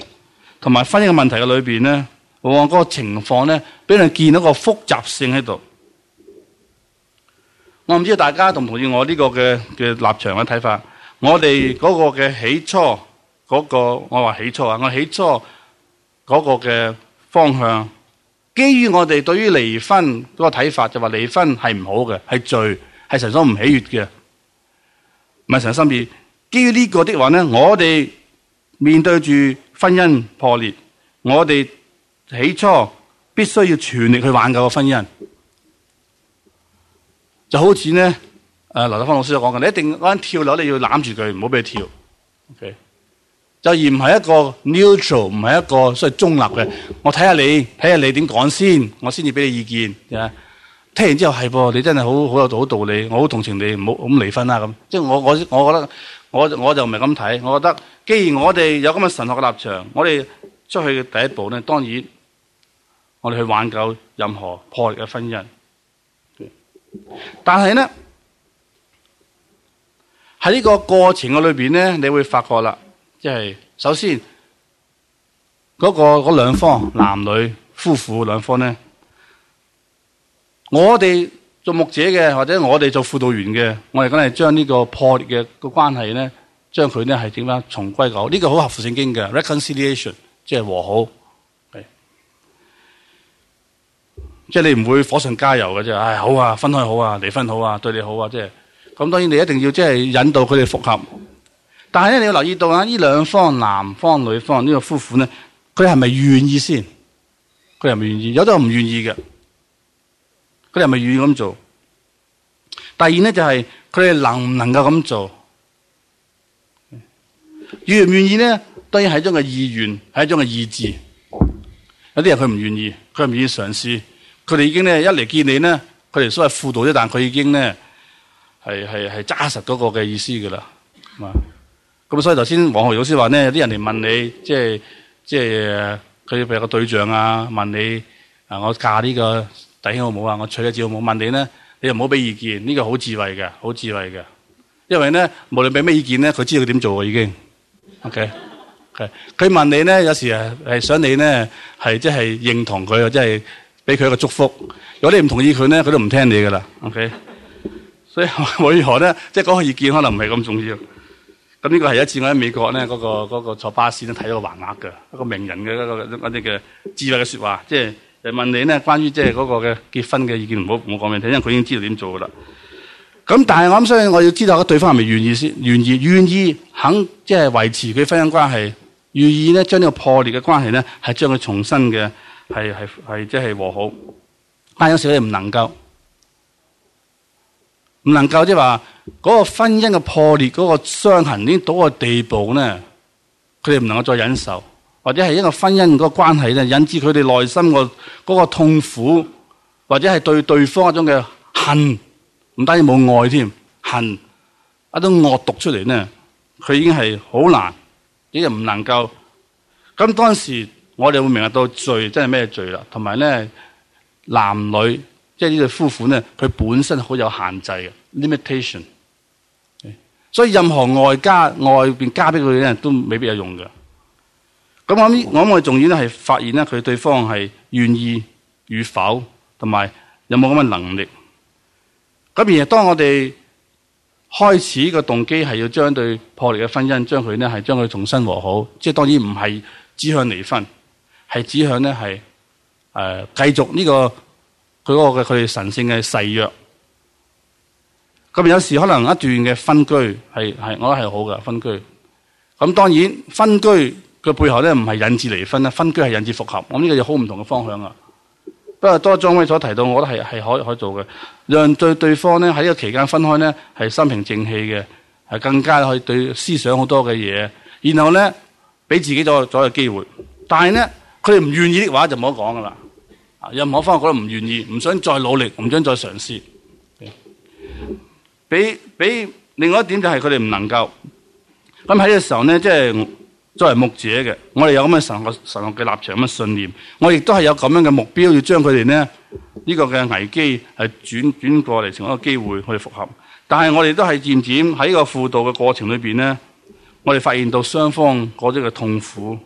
同埋婚姻嘅問題嘅裏邊咧，我嗰個情況呢，俾人見到一個複雜性喺度。我唔知道大家同唔同意我呢個嘅嘅立場嘅睇法。我哋嗰個嘅起初。嗰、那個我話起初啊！我起初嗰個嘅方向，基於我哋對於離婚嗰個睇法，就話、是、離婚係唔好嘅，係罪，係神所唔喜悅嘅，唔係神心意。基於呢個的話咧，我哋面對住婚姻破裂，我哋起初必須要全力去挽救個婚姻，就好似咧，誒劉德芳老師所講嘅，你一定嗰跳樓，你要攬住佢，唔好俾佢跳。OK。就而唔係一個 neutral，唔係一個所謂中立嘅。我睇下你，睇下你點講先，我先至俾你意見。聽完之後係噃，你真係好好有好道理，我好同情你，唔好咁離婚啦咁。即係、就是、我我我覺得，我我就唔係咁睇。我覺得，既然我哋有咁嘅神學嘅立場，我哋出去嘅第一步呢，當然我哋去挽救任何破裂嘅婚姻。但係呢，喺呢個過程嘅裏面呢，你會發覺啦。即係首先嗰個嗰兩方男女夫婦兩方呢，我哋做牧者嘅，或者我哋做輔導員嘅，我哋梗係將呢個破裂嘅個關係呢，將佢呢係點樣重歸舊呢個好合乎聖經嘅 reconciliation，即係和好，係，即係你唔會火上加油嘅啫。唉，好啊，分開好啊，離婚好啊，對你好啊，即係。咁當然你一定要即係引導佢哋複合。但係咧，你要留意到啊！呢兩方，男方女方呢，這個夫婦咧，佢係咪願意先？佢係咪願意？有就唔願意嘅。佢哋係咪願意咁做？第二咧就係佢哋能唔能夠咁做？願唔願意咧？當然係一種嘅意願，係一種嘅意志。有啲人佢唔願意，佢唔願意嘗試。佢哋已經咧一嚟見你咧，佢哋所謂輔導啫，但佢已經咧係係係揸實嗰個嘅意思噶啦。啊！咁所以頭先黃浩老師話咧，有啲人嚟問你，即係即係佢有個對象啊，問你啊，我嫁呢個弟兄好唔好啊好，我娶呢字好唔好？問你咧，你又唔好俾意見，呢，這個好智慧嘅，好智慧嘅，因為咧，無論俾咩意見咧，佢知道佢點做已經。O K，佢問你咧，有時係係想你咧，係即係認同佢，即係俾佢一個祝福。如果你唔同意佢咧，佢都唔聽你噶啦。O，okay? K，所以為何咧，即係講個意見可能唔係咁重要？咁呢個係一次我喺美國咧，嗰、那個嗰、那個、坐巴士咧睇到橫額嘅一個名人嘅一、那個啲嘅、那個、智慧嘅說話，即、就、係、是、問你咧關於即係嗰個嘅結婚嘅意見，唔好唔好講俾你聽，因為佢已經知道點做噶啦。咁但係我諗，所以我要知道對方係咪願意先願意願意肯即係、就是、維持佢婚姻關係，願意咧將呢個破裂嘅關係咧係將佢重新嘅係係即係和好，但有時佢唔能夠。唔能夠即係話嗰個婚姻嘅破裂，嗰個傷痕已經到個地步咧，佢哋唔能夠再忍受，或者係因為婚姻個關係咧，引致佢哋內心嗰個痛苦，或者係對對方一種嘅恨，唔單止冇愛添，恨一種惡毒出嚟咧，佢已經係好難，已經唔能夠。咁當時我哋會明白到罪真係咩罪啦，同埋咧男女。即係呢對夫婦咧，佢本身好有限制嘅，limitation。Okay? 所以任何外加外邊加俾佢咧，都未必有用嘅。咁我哋啱我仲要咧係發現咧，佢對方係願意與否，同埋有冇咁嘅能力。咁而當我哋開始個動機係要將對破裂嘅婚姻，將佢咧係將佢重新和好，即係當然唔係指向離婚，係指向咧係誒繼續呢個。佢、嗰個嘅佢哋神聖嘅誓約，咁有時可能一段嘅分居，係係我覺得係好嘅分居。咁當然分居嘅背後咧，唔係引致離婚啦，分居係引致復合。我呢個有好唔同嘅方向啊。不過多莊威所提到，我覺得係係可以可以做嘅，讓對對方咧喺呢在這個期間分開咧，係心平靜氣嘅，係更加可以對思想好多嘅嘢。然後咧，俾自己咗咗個機會。但係咧，佢哋唔願意嘅話就說，就唔好講噶啦。任何方我覺得唔願意，唔想再努力，唔想再嘗試。俾、okay? 俾另外一點就係佢哋唔能夠。咁喺呢個時候呢，即、就、係、是、作為牧者嘅，我哋有咁嘅神學神學嘅立場，咁嘅信念，我亦都係有咁樣嘅目標，要將佢哋呢呢、呢個嘅危機係轉轉過嚟成一個機會去復合。但係我哋都係漸漸喺呢個輔導嘅過程裏邊呢，我哋發現到雙方嗰種嘅痛苦。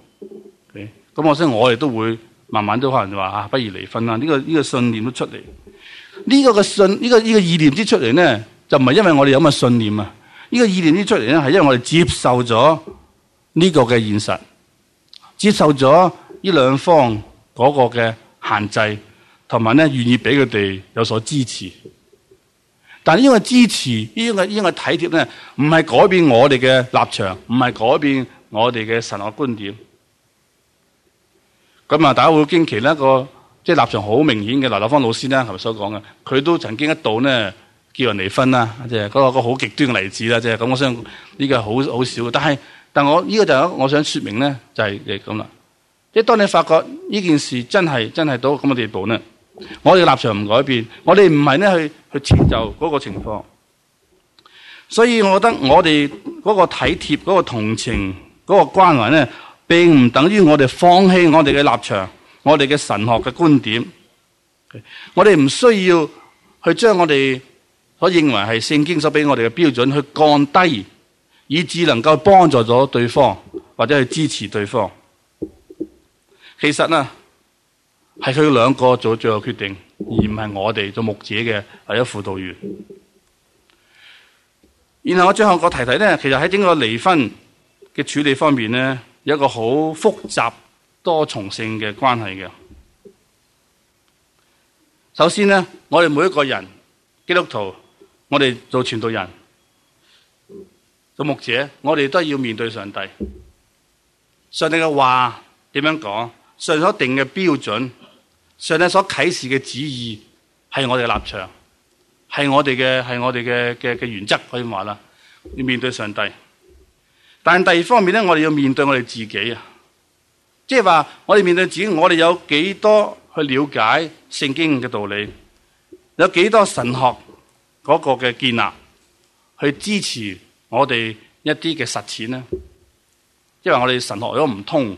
咁、okay? 我先，我哋都會。慢慢都可能就話啊，不如離婚啦！呢個呢個信念都出嚟，呢個嘅信，呢個呢個意念之出嚟咧，就唔係因為我哋有咁嘅信念啊！呢個意念之出嚟咧，係因為我哋接受咗呢個嘅現實，接受咗呢兩方嗰個嘅限制，同埋咧願意俾佢哋有所支持。但係呢種支持，呢種嘅呢種體貼咧，唔係改變我哋嘅立場，唔係改變我哋嘅神學觀點。咁啊！大家會驚奇咧，個即係立場好明顯嘅劉立芳老師咧，頭先所講嘅，佢都曾經一度咧叫人離婚啦，即係嗰個好極端嘅例子啦，即係咁。我想呢個係好好少，但係但我呢個就我我想説明呢，就係咁啦。即係當你發覺呢件事真係真係到咁嘅地步呢，我哋立場唔改變，我哋唔係呢去去遷就嗰個情況。所以，我覺得我哋嗰個體貼、嗰個同情、嗰個關懷咧。並唔等於我哋放棄我哋嘅立場，我哋嘅神學嘅觀點。我哋唔需要去將我哋所認為係聖經所俾我哋嘅標準去降低，以致能夠幫助咗對方或者去支持對方。其實呢，係佢兩個做最後決定，而唔係我哋做牧者嘅或者輔導員。然後我最後個提提呢，其實喺整個離婚嘅處理方面呢。有一個好複雜、多重性嘅關係嘅。首先呢，我哋每一個人基督徒，我哋做傳道人、做牧者，我哋都要面對上帝。上帝嘅話點樣講？上帝所定嘅標準，上帝所啟示嘅旨意，係我哋立場，係我哋嘅，係我哋嘅我哋嘅的的原則，可以話啦，要面對上帝。但第二方面咧，我哋要面對我哋自己啊，即係話我哋面對自己，我哋有幾多去了解聖經嘅道理，有幾多神學嗰個嘅建立去支持我哋一啲嘅實踐咧？因為我哋神學如果唔通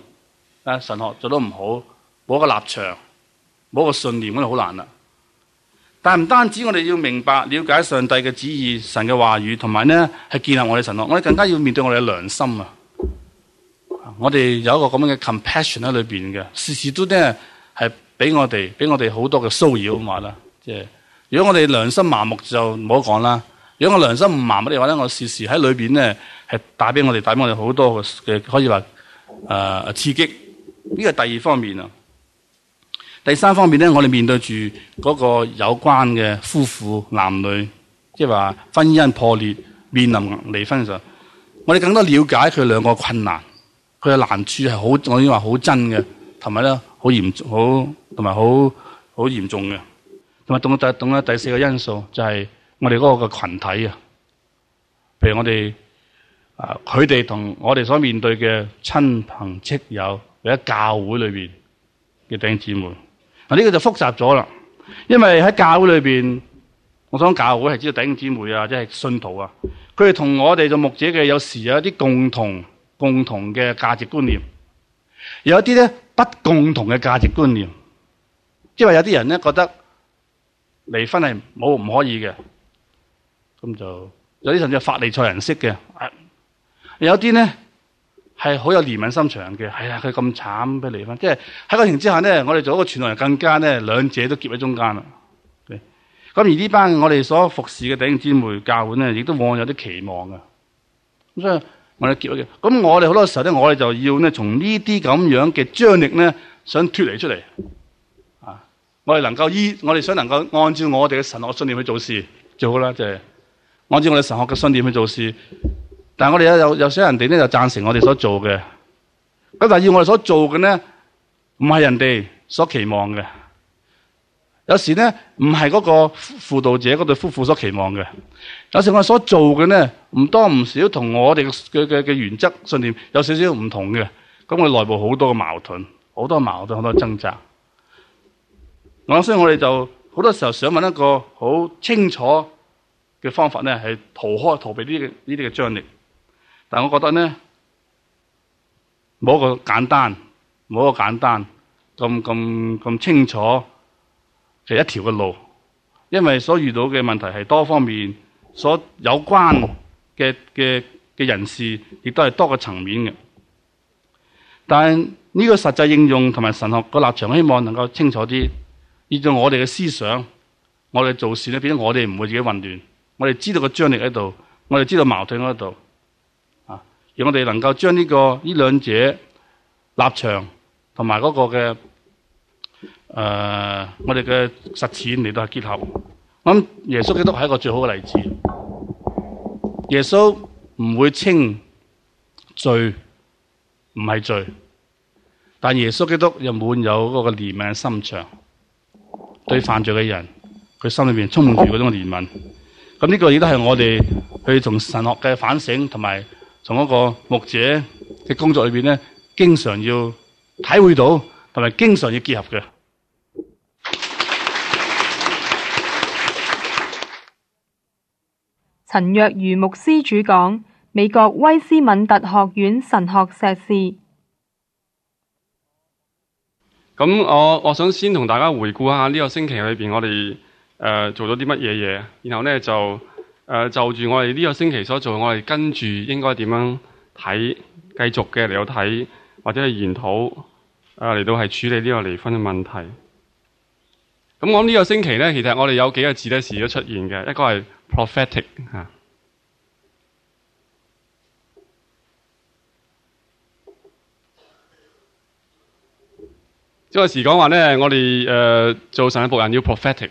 啊，神學做得唔好，冇一個立場，冇一個信念，咁就好難啦。但唔單止我哋要明白、了解上帝嘅旨意、神嘅話語，同埋咧係建立我哋承諾，我哋更加要面對我哋嘅良心啊！我哋有一個咁樣嘅 compassion 喺裏邊嘅，時時都咧係俾我哋俾我哋好多嘅騷擾咁話啦。即係如果我哋良心麻木就唔好講啦。如果我良心唔麻木嘅話咧，我時時喺裏邊呢係帶俾我哋帶俾我哋好多嘅可以話誒、呃、刺激。呢個第二方面啊。第三方面咧，我哋面對住嗰個有關嘅夫婦男女，即係話婚姻破裂面臨離婚嘅時候，我哋更多了解佢兩個困難，佢嘅難處係好，我應話好真嘅，同埋咧好嚴重，好同埋好好嚴重嘅。同埋懂第懂得，第四個因素就係我哋嗰個群體啊，譬如我哋啊，佢哋同我哋所面對嘅親朋戚友，或者教會裏邊嘅弟兄姊妹。嗱、這、呢個就複雜咗啦，因為喺教會裏面，我想教會係知道弟兄姊妹啊，即、就、係、是、信徒啊，佢哋同我哋做牧者嘅有時有一啲共同共同嘅價值觀念，有一啲咧不共同嘅價值觀念，即係話有啲人咧覺得離婚係冇唔可以嘅，咁就有啲甚至法利賽人識嘅，有啲咧。係好有憐憫心腸嘅，係、哎、啊！佢咁慘俾離婚，即係喺嗰情之下呢，我哋做一個傳道人更加呢，兩者都夾喺中間啦。咁而呢班我哋所服侍嘅弟兄姊妹教會呢，亦都往往有啲期望噶。咁所以我哋夾咗嘅，咁我哋好多時候呢，我哋就要呢，從呢啲咁樣嘅張力呢，想脫離出嚟啊！我哋能夠依，我哋想能夠按照我哋嘅神學信念去做事，最好啦即係、是、按照我哋神學嘅信念去做事。但係我哋有有有少人哋咧，就贊成我哋所做嘅，咁但係要我哋所做嘅咧，唔係人哋所期望嘅。有時咧，唔係嗰個輔導者嗰對夫婦所期望嘅。有時我哋所做嘅咧，唔多唔少同我哋嘅嘅嘅原則信念有少少唔同嘅，咁我哋內部好多嘅矛盾，好多矛盾，好多掙扎。所以我哋就好多時候想問一個好清楚嘅方法咧，係逃開逃避呢啲呢啲嘅張力。但我覺得呢，冇一個簡單，冇一個簡單咁咁清楚，係一條嘅路。因為所遇到嘅問題係多方面，所有關嘅人士，亦都係多個層面嘅。但這呢個實際應用同埋神學個立場，希望能夠清楚啲，以至我哋嘅思想，我哋做事變咗我哋唔會自己混亂，我哋知道個張力喺度，我哋知道矛盾喺度。讓我哋能夠將呢、這個呢兩者立場同埋嗰個嘅、呃、我哋嘅實踐嚟到結合。我諗耶穌基督係一個最好嘅例子。耶穌唔會稱罪唔係罪，但耶穌基督又滿有嗰個憐憫心腸，對犯罪嘅人，佢心裏面充滿住嗰種憐憫。咁、這、呢個亦都係我哋去從神學嘅反省同埋。和從一個牧者嘅工作裏邊咧，經常要體會到同埋經常要結合嘅。陳若愚牧師主講，美國威斯敏特學院神學碩士。咁，我我想先同大家回顧下呢個星期裏邊我哋誒、呃、做咗啲乜嘢嘢，然後呢，就。呃、就住我哋呢個星期所做，我哋跟住應該點樣睇？繼續嘅嚟到睇，或者去研討，嚟、呃、到係處理呢個離婚嘅問題。咁、嗯、我諗呢個星期咧，其實我哋有幾個字咧時都出現嘅，一個係 prophetic 嚇、啊。即、這、係、個、時講話咧，我哋誒、呃、做神嘅僕人要 prophetic。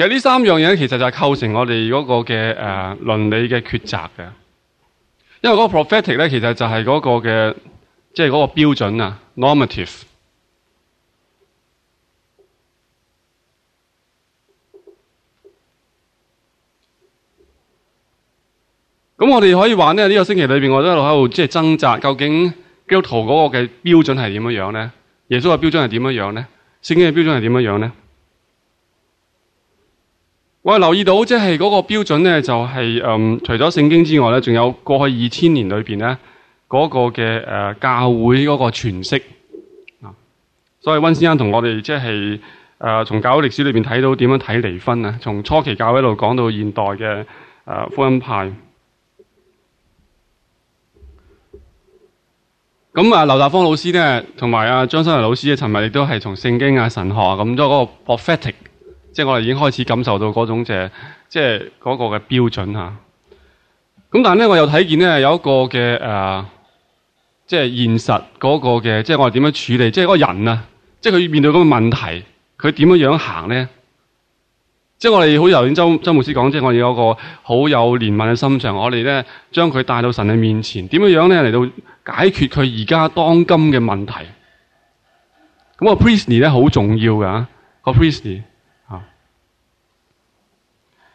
其實呢三樣嘢，其實就係構成我哋嗰個嘅倫理嘅抉擇嘅。因為嗰個 prophetic 其實就係嗰個嘅，即係嗰個標準啊 normative。噉我哋可以話呢這呢個星期裏面，我都喺度即係掙扎，究竟基督徒嗰個嘅標準係點樣呢？耶穌嘅標準係點樣呢？聖經嘅標準係點樣呢？我留意到，即係嗰個標準咧，就是，就係嗯，除咗聖經之外咧，仲有過去二千年裏邊咧，嗰、那個嘅誒、呃、教會嗰個詮釋啊。所以溫先生同我哋即係誒，從教會歷史裏邊睇到點樣睇離婚啊？從初期教會一路講到現代嘅誒、呃、福音派。咁啊，劉達芳老師咧，同埋啊張新賢老師啊，尋日亦都係從聖經啊神學咁多個 prophetic 即係我哋已經開始感受到嗰種即係，即係嗰個嘅標準吓。咁但係咧，我又睇見咧有一個嘅誒，即係現實嗰個嘅，即係我哋點樣處理，即係嗰個人啊，即係佢面對嗰個問題，佢點樣樣行咧？即係我哋好由點周周牧師講，即係我哋有一個好有憐憫嘅心腸，我哋咧將佢帶到神嘅面前，點樣樣咧嚟到解決佢而家當今嘅問題。咁個 priestly 咧好重要噶，啊，個 priestly。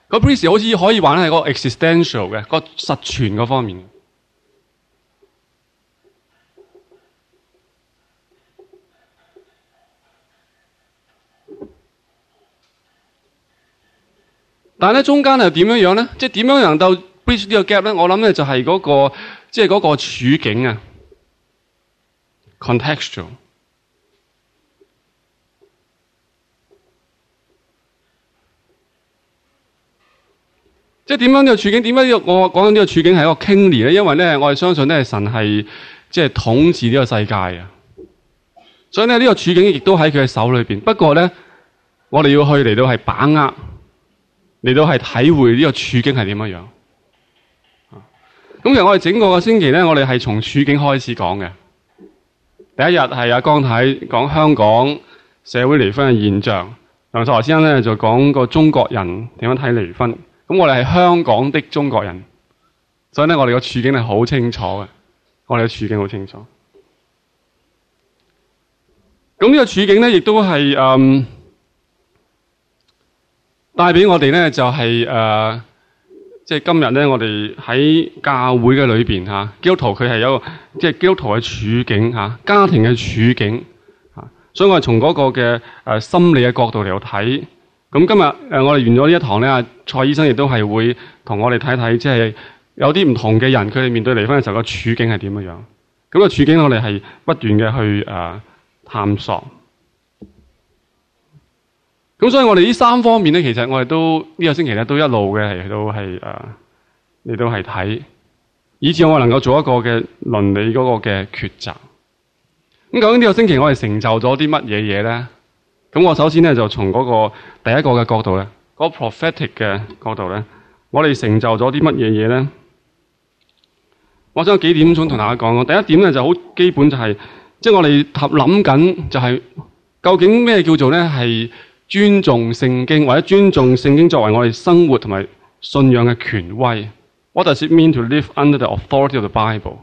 個 bridge 好似可以玩喺個 existential 嘅、個實存嗰方面但呢，但係咧中間係點樣樣呢？即係點樣能夠 bridge 呢個 gap 呢？我諗咧就係嗰個即係嗰個處境啊，contextual。即係點樣呢個處境？點解要我講緊呢個處境係一個傾連咧？因為咧，我哋相信咧，神係即係統治呢個世界啊！所以咧，呢個處境亦都喺佢嘅手裏邊。不過咧，我哋要去嚟到係把握，嚟到係體會呢個處境係點樣樣。咁、嗯、其實我哋整個個星期咧，我哋係從處境開始講嘅。第一日係阿江太講香港社會離婚嘅現象，梁少華先生咧就講個中國人點樣睇離婚。咁我哋係香港的中國人，所以呢，我哋個處境係好清楚嘅，我哋嘅處境好清楚。咁呢個處境呢，亦都係嗯帶俾我哋呢，就係、是、誒，即、呃、係、就是、今日呢，我哋喺教會嘅裏面，吓，基督徒佢係有即係、就是、基督徒嘅處境，家庭嘅處境。所以我係從嗰個嘅、呃、心理嘅角度嚟度睇。咁今日、呃、我哋完咗呢一堂咧、啊，蔡醫生亦都係會同我哋睇睇，即係有啲唔同嘅人，佢哋面對離婚嘅時候嘅處境係點樣。咁個處境我，我哋係不斷嘅去誒探索。咁所以，我哋呢三方面咧，其實我哋都呢、這個星期咧，都一路嘅係都係誒、呃，你都係睇，以至我哋能夠做一個嘅倫理嗰個嘅抉擇。咁究竟呢個星期，我哋成就咗啲乜嘢嘢咧？咁我首先咧就從嗰個第一個嘅角度咧，嗰個 prophetic 嘅角度咧，我哋成就咗啲乜嘢嘢咧？我想幾點想同大家講。第一點咧就好基本就係，即係我哋諗緊就係究竟咩叫做咧係尊重聖經，或者尊重聖經作為我哋生活同埋信仰嘅權威。What does it mean to live under the authority of the Bible?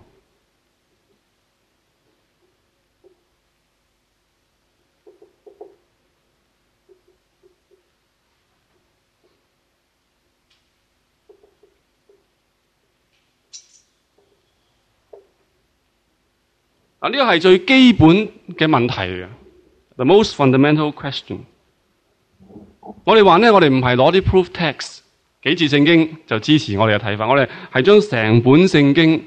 嗱，呢個係最基本嘅問題嚟嘅，the most fundamental question。我哋話咧，我哋唔係攞啲 proof text 幾字聖經就支持我哋嘅睇法，我哋係將成本聖經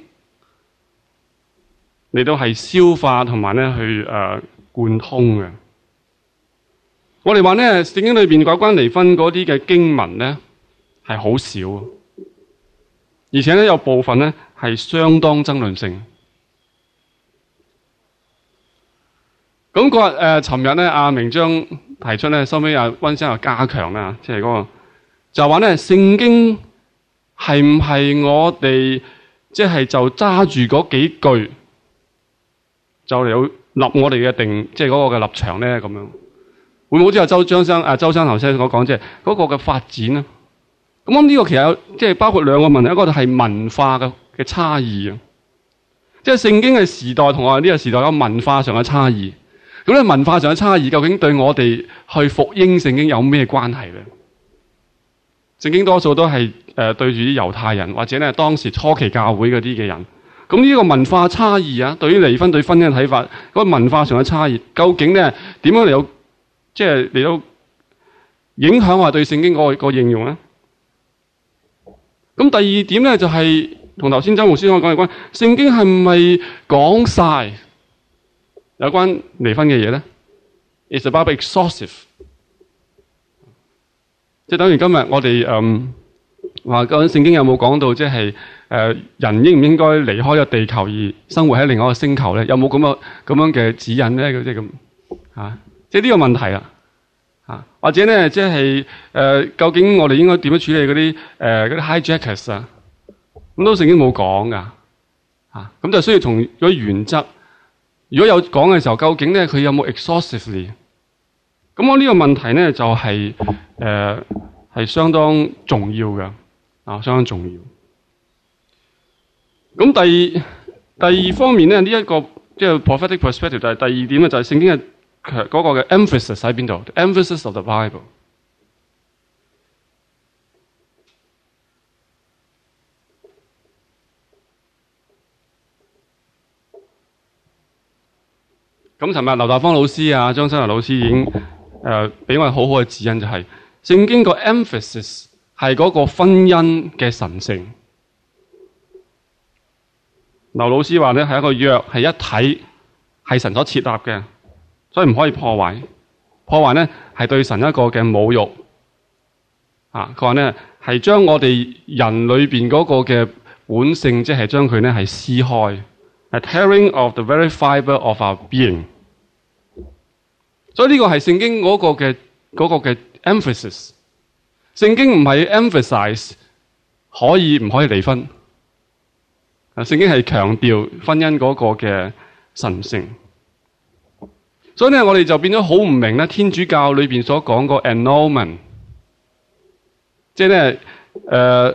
嚟到係消化同埋咧去誒貫通嘅。我哋話咧，聖經裏邊有關離婚嗰啲嘅經文咧係好少，而且咧有部分咧係相當爭論性。咁個誒，尋日咧，阿明章提出咧，收尾阿温生又加強啦，即係嗰個就話咧，聖經係唔係我哋即係就揸住嗰幾句就嚟去立我哋嘅定，即係嗰個嘅立場咧，咁樣會唔會好似阿周張生、阿、啊、周生頭先所講，即係嗰個嘅發展啊？咁呢個其實即係、就是、包括兩個問題，一個就係文化嘅嘅差異啊，即、就、係、是、聖經嘅時代同我哋呢個時代有文化上嘅差異。咁咧文化上嘅差異究竟對我哋去服應聖經有咩關係咧？聖經多數都係誒對住啲猶太人或者咧當時初期教會嗰啲嘅人，咁、這、呢個文化差異啊，對於離婚，對婚姻嘅睇法，嗰個文化上嘅差異究竟咧點樣嚟到即係嚟到影響我哋對聖經個個應用咧？咁第二點咧就是、係同頭先周牧師所講嘅關，聖經係咪講晒？有關離婚嘅嘢呢，It's about exhaustive 即，即係等於今日我哋嗯話究竟聖經有冇講到，即係誒、呃、人應唔應該離開個地球而生活喺另外個星球呢？有冇咁嘅樣嘅指引呢？即係咁、啊、即係呢個問題啊，啊或者呢，即係誒、呃、究竟我哋應該點樣處理嗰啲誒嗰、呃、啲 hijackers 啊？咁都聖經冇講㗎，咁、啊、就需要從嗰啲原則。如果有講嘅時候，究竟咧佢有冇 exhaustively？咁我呢個問題咧就係、是、係、呃、相當重要嘅、啊、相當重要的。咁第，第二方面咧，呢、這、一個即係 prophetic perspective，第二點啊，就係聖經嘅嗰個嘅 emphasis 喺邊度？emphasis of the Bible。咁尋日劉大方老師啊、張新華老師已經誒俾、呃、我們很好好嘅指引，就是，就係聖經個 emphasis 係嗰個婚姻嘅神聖。劉老師話呢係一個約，係一體，係神所設立嘅，所以唔可以破壞。破壞呢係對神一個嘅侮辱。嚇佢話呢係將我哋人裏面嗰個嘅本性，即、就、係、是、將佢呢係撕開。a tearing of the very fibre of our being。所以呢個係聖經嗰個嘅、嗰個嘅 emphasis。聖經唔係 emphasize 可以唔可以離婚。啊，聖經係強調婚姻嗰個嘅神聖。所以呢，我哋就變咗好唔明咧，天主教裏邊所講個 annulment，即係呢，誒、呃，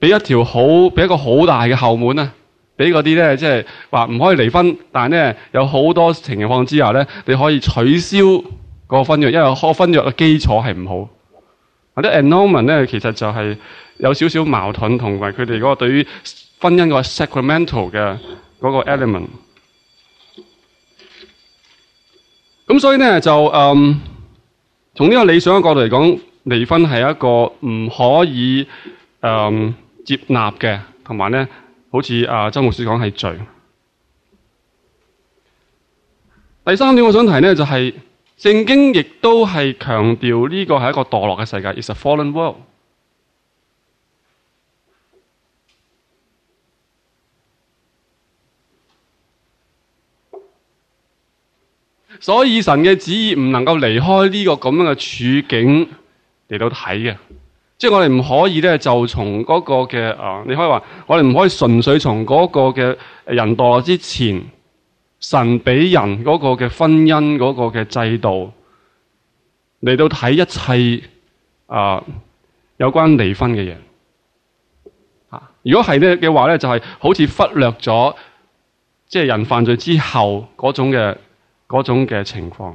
俾一條好俾一個好大嘅後門啊！俾嗰啲咧，即係話唔可以離婚，但係咧有好多情況之下咧，你可以取消個婚約，因為個婚約嘅基礎係唔好。啲 anomaly 咧，其實就係有少少矛盾，同埋佢哋嗰個對於婚姻個 sacramental 嘅嗰個 element。咁所以咧就嗯，從呢個理想嘅角度嚟講，離婚係一個唔可以嗯接納嘅，同埋咧。好似周牧師講係罪。第三點我想提呢，就係聖經亦都係強調呢個係一個墮落嘅世界，It's a fallen world。所以神嘅旨意唔能夠離開呢個咁樣嘅處境嚟到睇嘅。即係我哋唔可以咧，就從嗰個嘅啊，你可以話，我哋唔可以純粹從嗰個嘅人墮落之前，神俾人嗰個嘅婚姻嗰個嘅制度嚟到睇一切啊有關離婚嘅嘢。啊，如果係咧嘅話咧，就係好似忽略咗，即係人犯罪之後嗰種嘅嗰種嘅情況。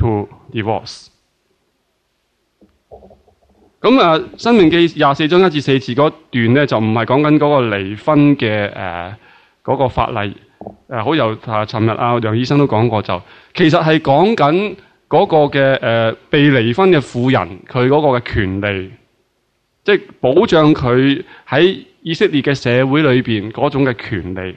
to divorce。咁啊，《申命記》廿四章至一至四節嗰段咧，就唔係講緊嗰個離婚嘅誒嗰個法例。誒、呃，好有啊，尋日啊，楊醫生都講過就，就其實係講緊嗰個嘅誒、呃、被離婚嘅婦人佢嗰個嘅權利，即、就、係、是、保障佢喺以色列嘅社會裏邊嗰種嘅權利。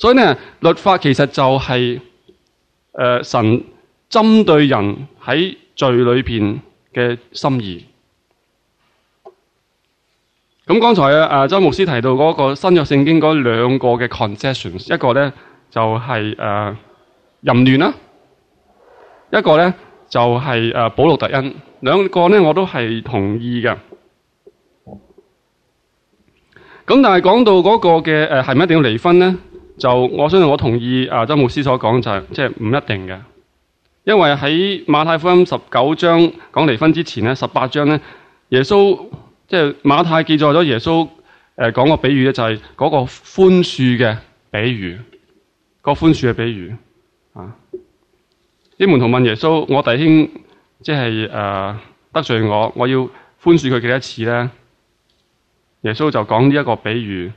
所以呢，律法其實就係、是、呃神針對人喺罪裏面嘅心意。咁剛才啊、呃，周牧師提到嗰、那個新約聖經嗰兩個嘅 concessions，一個呢就係、是、呃淫亂啦，一個呢就係、是、呃保祿特恩，兩個呢我都係同意嘅。咁但係講到嗰個嘅係咪一定要離婚呢？就我相信，我同意啊，周牧師所講就係即係唔一定嘅，因為喺馬太福音十九章講離婚之前咧，十八章呢，耶穌即係、就是、馬太記載咗耶穌誒、呃、講個比喻咧，就係、是、嗰個寬恕嘅比喻，個寬恕嘅比喻啊。啲門徒問耶穌：我弟兄即係誒得罪我，我要寬恕佢幾多次咧？耶穌就講呢一個比喻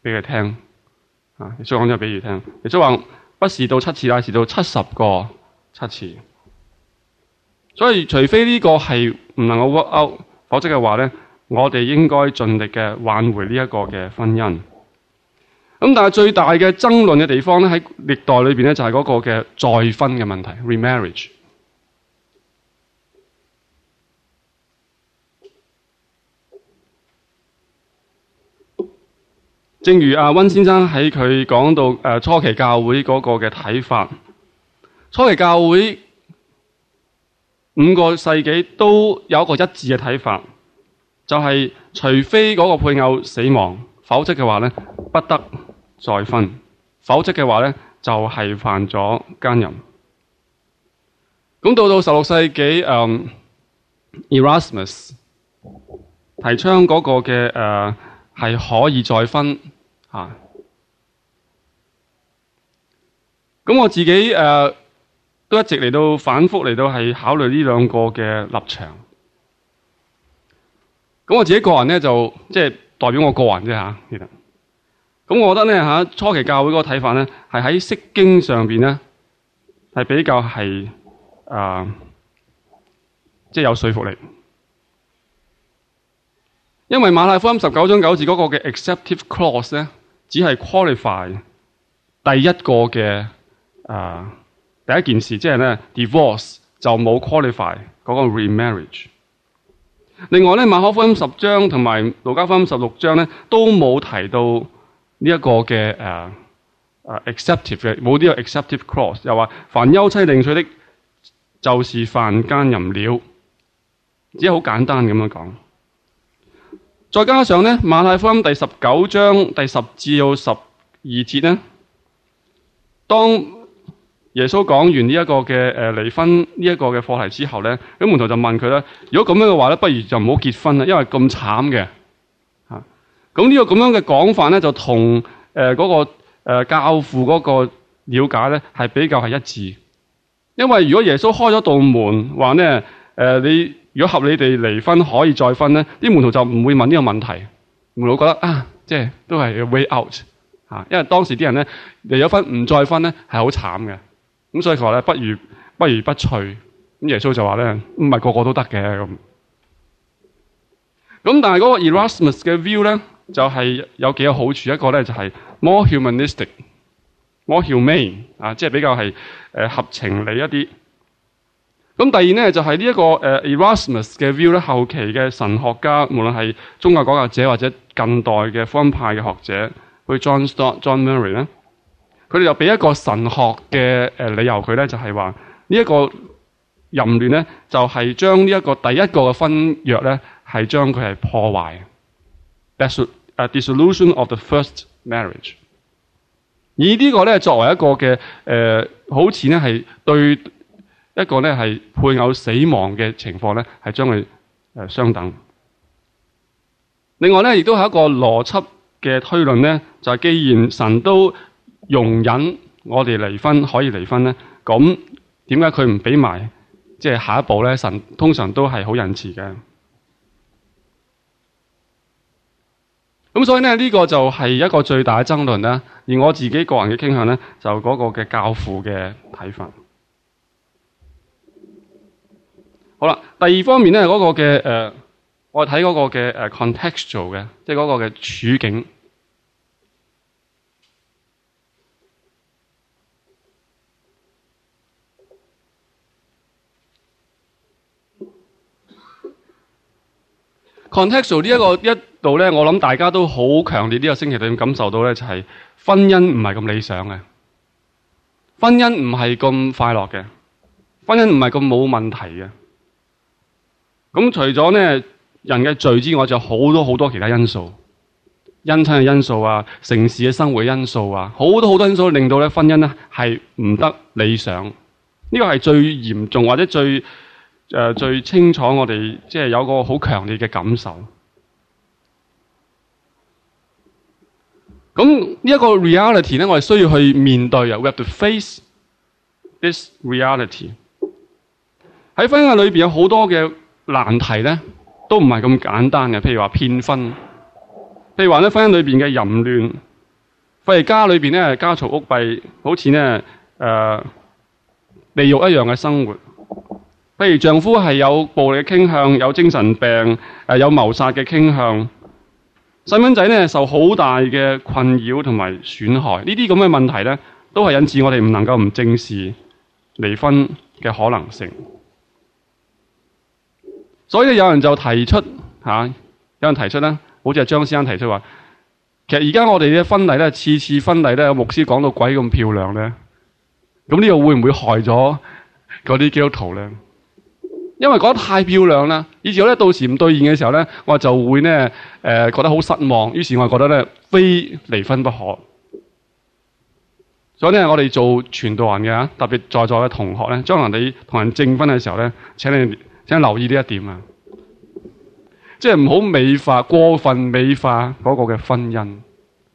俾佢聽。啊！所以講咗個比喻聽，亦即係話不是到七次啦，但是到七十個七次。所以除非呢個係唔能夠 work out，否則嘅話咧，我哋應該盡力嘅挽回呢一個嘅婚姻。咁但係最大嘅爭論嘅地方咧，喺歷代裏邊咧，就係嗰個嘅再婚嘅問題 （remarriage）。正如阿溫先生喺佢講到，初期教會嗰個嘅睇法，初期教會五個世紀都有一個一致嘅睇法，就係除非嗰個配偶死亡，否則嘅話呢不得再婚，否則嘅話呢就係犯咗奸淫。噉到到十六世紀、um,，Erasmus 提倡嗰個嘅誒、uh, 係可以再婚。啊！咁我自己誒、呃，都一直嚟到反複嚟到係考慮呢兩個嘅立場。咁我自己個人咧就即係、就是、代表我個人啫吓，呢、啊、度。咁我覺得咧吓、啊，初期教會嗰個睇法咧，係喺釋經上邊咧，係比較係誒，即、啊、係、就是、有說服力。因為馬太福音十九章九字嗰個嘅 exceptive clause 咧。只係 qualify 第一個嘅、啊、第一件事，即係咧 divorce 就冇 qualify 嗰個 remarriage。另外咧，馬可福音十章同埋路加福音十六章咧都冇提到呢一個嘅 acceptive 嘅，冇、啊、呢、啊、個 acceptive clause，又話凡休妻另娶的，就是犯姦淫了，只係好簡單咁樣講。再加上咧，馬太福音第十九章第十至到十二節咧，當耶穌講完呢一個嘅誒離婚呢一個嘅課題之後咧，啲門徒就問佢咧：如果咁樣嘅話咧，不如就唔好結婚啦，因為咁慘嘅。吓、啊，咁呢個咁樣嘅講法咧，就同誒、呃嗰個誒、呃、教父嗰個了解咧，係比較係一致。因為如果耶穌開咗道門，話咧，誒、呃、你。如果合你哋離婚可以再婚咧，啲門徒就唔會問呢個問題。門徒覺得啊，即係都係 way out 吓，因為當時啲人咧離咗婚唔再婚咧係好慘嘅。咁所以佢話咧，不如不如不娶。咁耶穌就話咧，唔係個個都得嘅咁。咁但係嗰個 Erasmus 嘅 view 咧，就係有幾個好處。一個咧就係 more humanistic，more humane 啊，即係比較係合情理一啲。咁第二咧就係、是這個 uh, 呢一個 Erasmus 嘅 view 咧，後期嘅神學家，無論係宗教改革者或者近代嘅福音派嘅學者，去 John Stott, John Murray 咧，佢哋就俾一個神學嘅理由，佢咧就係話呢一個淫亂咧，就係、是、將、這個、呢一、就是、個第一個嘅婚約咧，係將佢係破壞。t dissolution of the first marriage。而呢個咧作為一個嘅、呃、好似咧係對。一個呢是，配偶死亡嘅情況呢，是將佢誒相等。另外呢，亦都係一個邏輯嘅推論呢，就是既然神都容忍我哋離婚可以離婚咧，咁點解佢唔俾埋？即係下一步呢，神通常都是好仁慈嘅。咁所以呢，呢、這個就是一個最大嘅爭論啦。而我自己個人嘅傾向呢就嗰、是、個嘅教父嘅睇法。好啦，第二方面呢，嗰、嗰個嘅誒、呃，我睇嗰個嘅、呃、contextual 嘅，即係嗰個嘅處境 contextual 呢一、這個一度、這個、呢，我諗大家都好強烈呢、這個星期裏面感受到呢，就係婚姻唔係咁理想嘅，婚姻唔係咁快樂嘅，婚姻唔係咁冇問題嘅。咁除咗呢人嘅罪之外，就好多好多其他因素，姻親嘅因素啊，城市嘅生活嘅因素啊，好多好多因素令到呢婚姻呢，係唔得理想。呢、這個係最嚴重或者最誒、呃、最清楚我們，我哋即係有一個好強烈嘅感受。咁呢一個 reality 呢，我哋需要去面對，we have to face this reality。喺婚姻裏邊有好多嘅難題咧，都唔係咁簡單嘅。譬如話騙婚，譬如話咧婚姻裏邊嘅淫亂，譬如家裏邊咧家嘈屋閉、好似呢誒地獄一樣嘅生活，譬如丈夫係有暴力傾向、有精神病、誒有謀殺嘅傾向，細蚊仔咧受好大嘅困擾同埋損害，呢啲咁嘅問題咧都係引致我哋唔能夠唔正視離婚嘅可能性。所以有人就提出吓、啊，有人提出咧，好似係張先生提出話，其實而家我哋嘅婚禮咧，次次婚禮咧，牧師講到鬼咁漂亮咧，咁呢個會唔會害咗嗰啲基督徒咧？因為講得太漂亮啦，以致咧到時唔兌現嘅時候咧，我就會咧誒、呃、覺得好失望，於是我就覺得咧非離婚不可。所以咧，我哋做傳道人嘅啊，特別在座嘅同學咧，將來你同人證婚嘅時候咧，請你。請留意呢一點啊，即係唔好美化過分美化嗰個嘅婚姻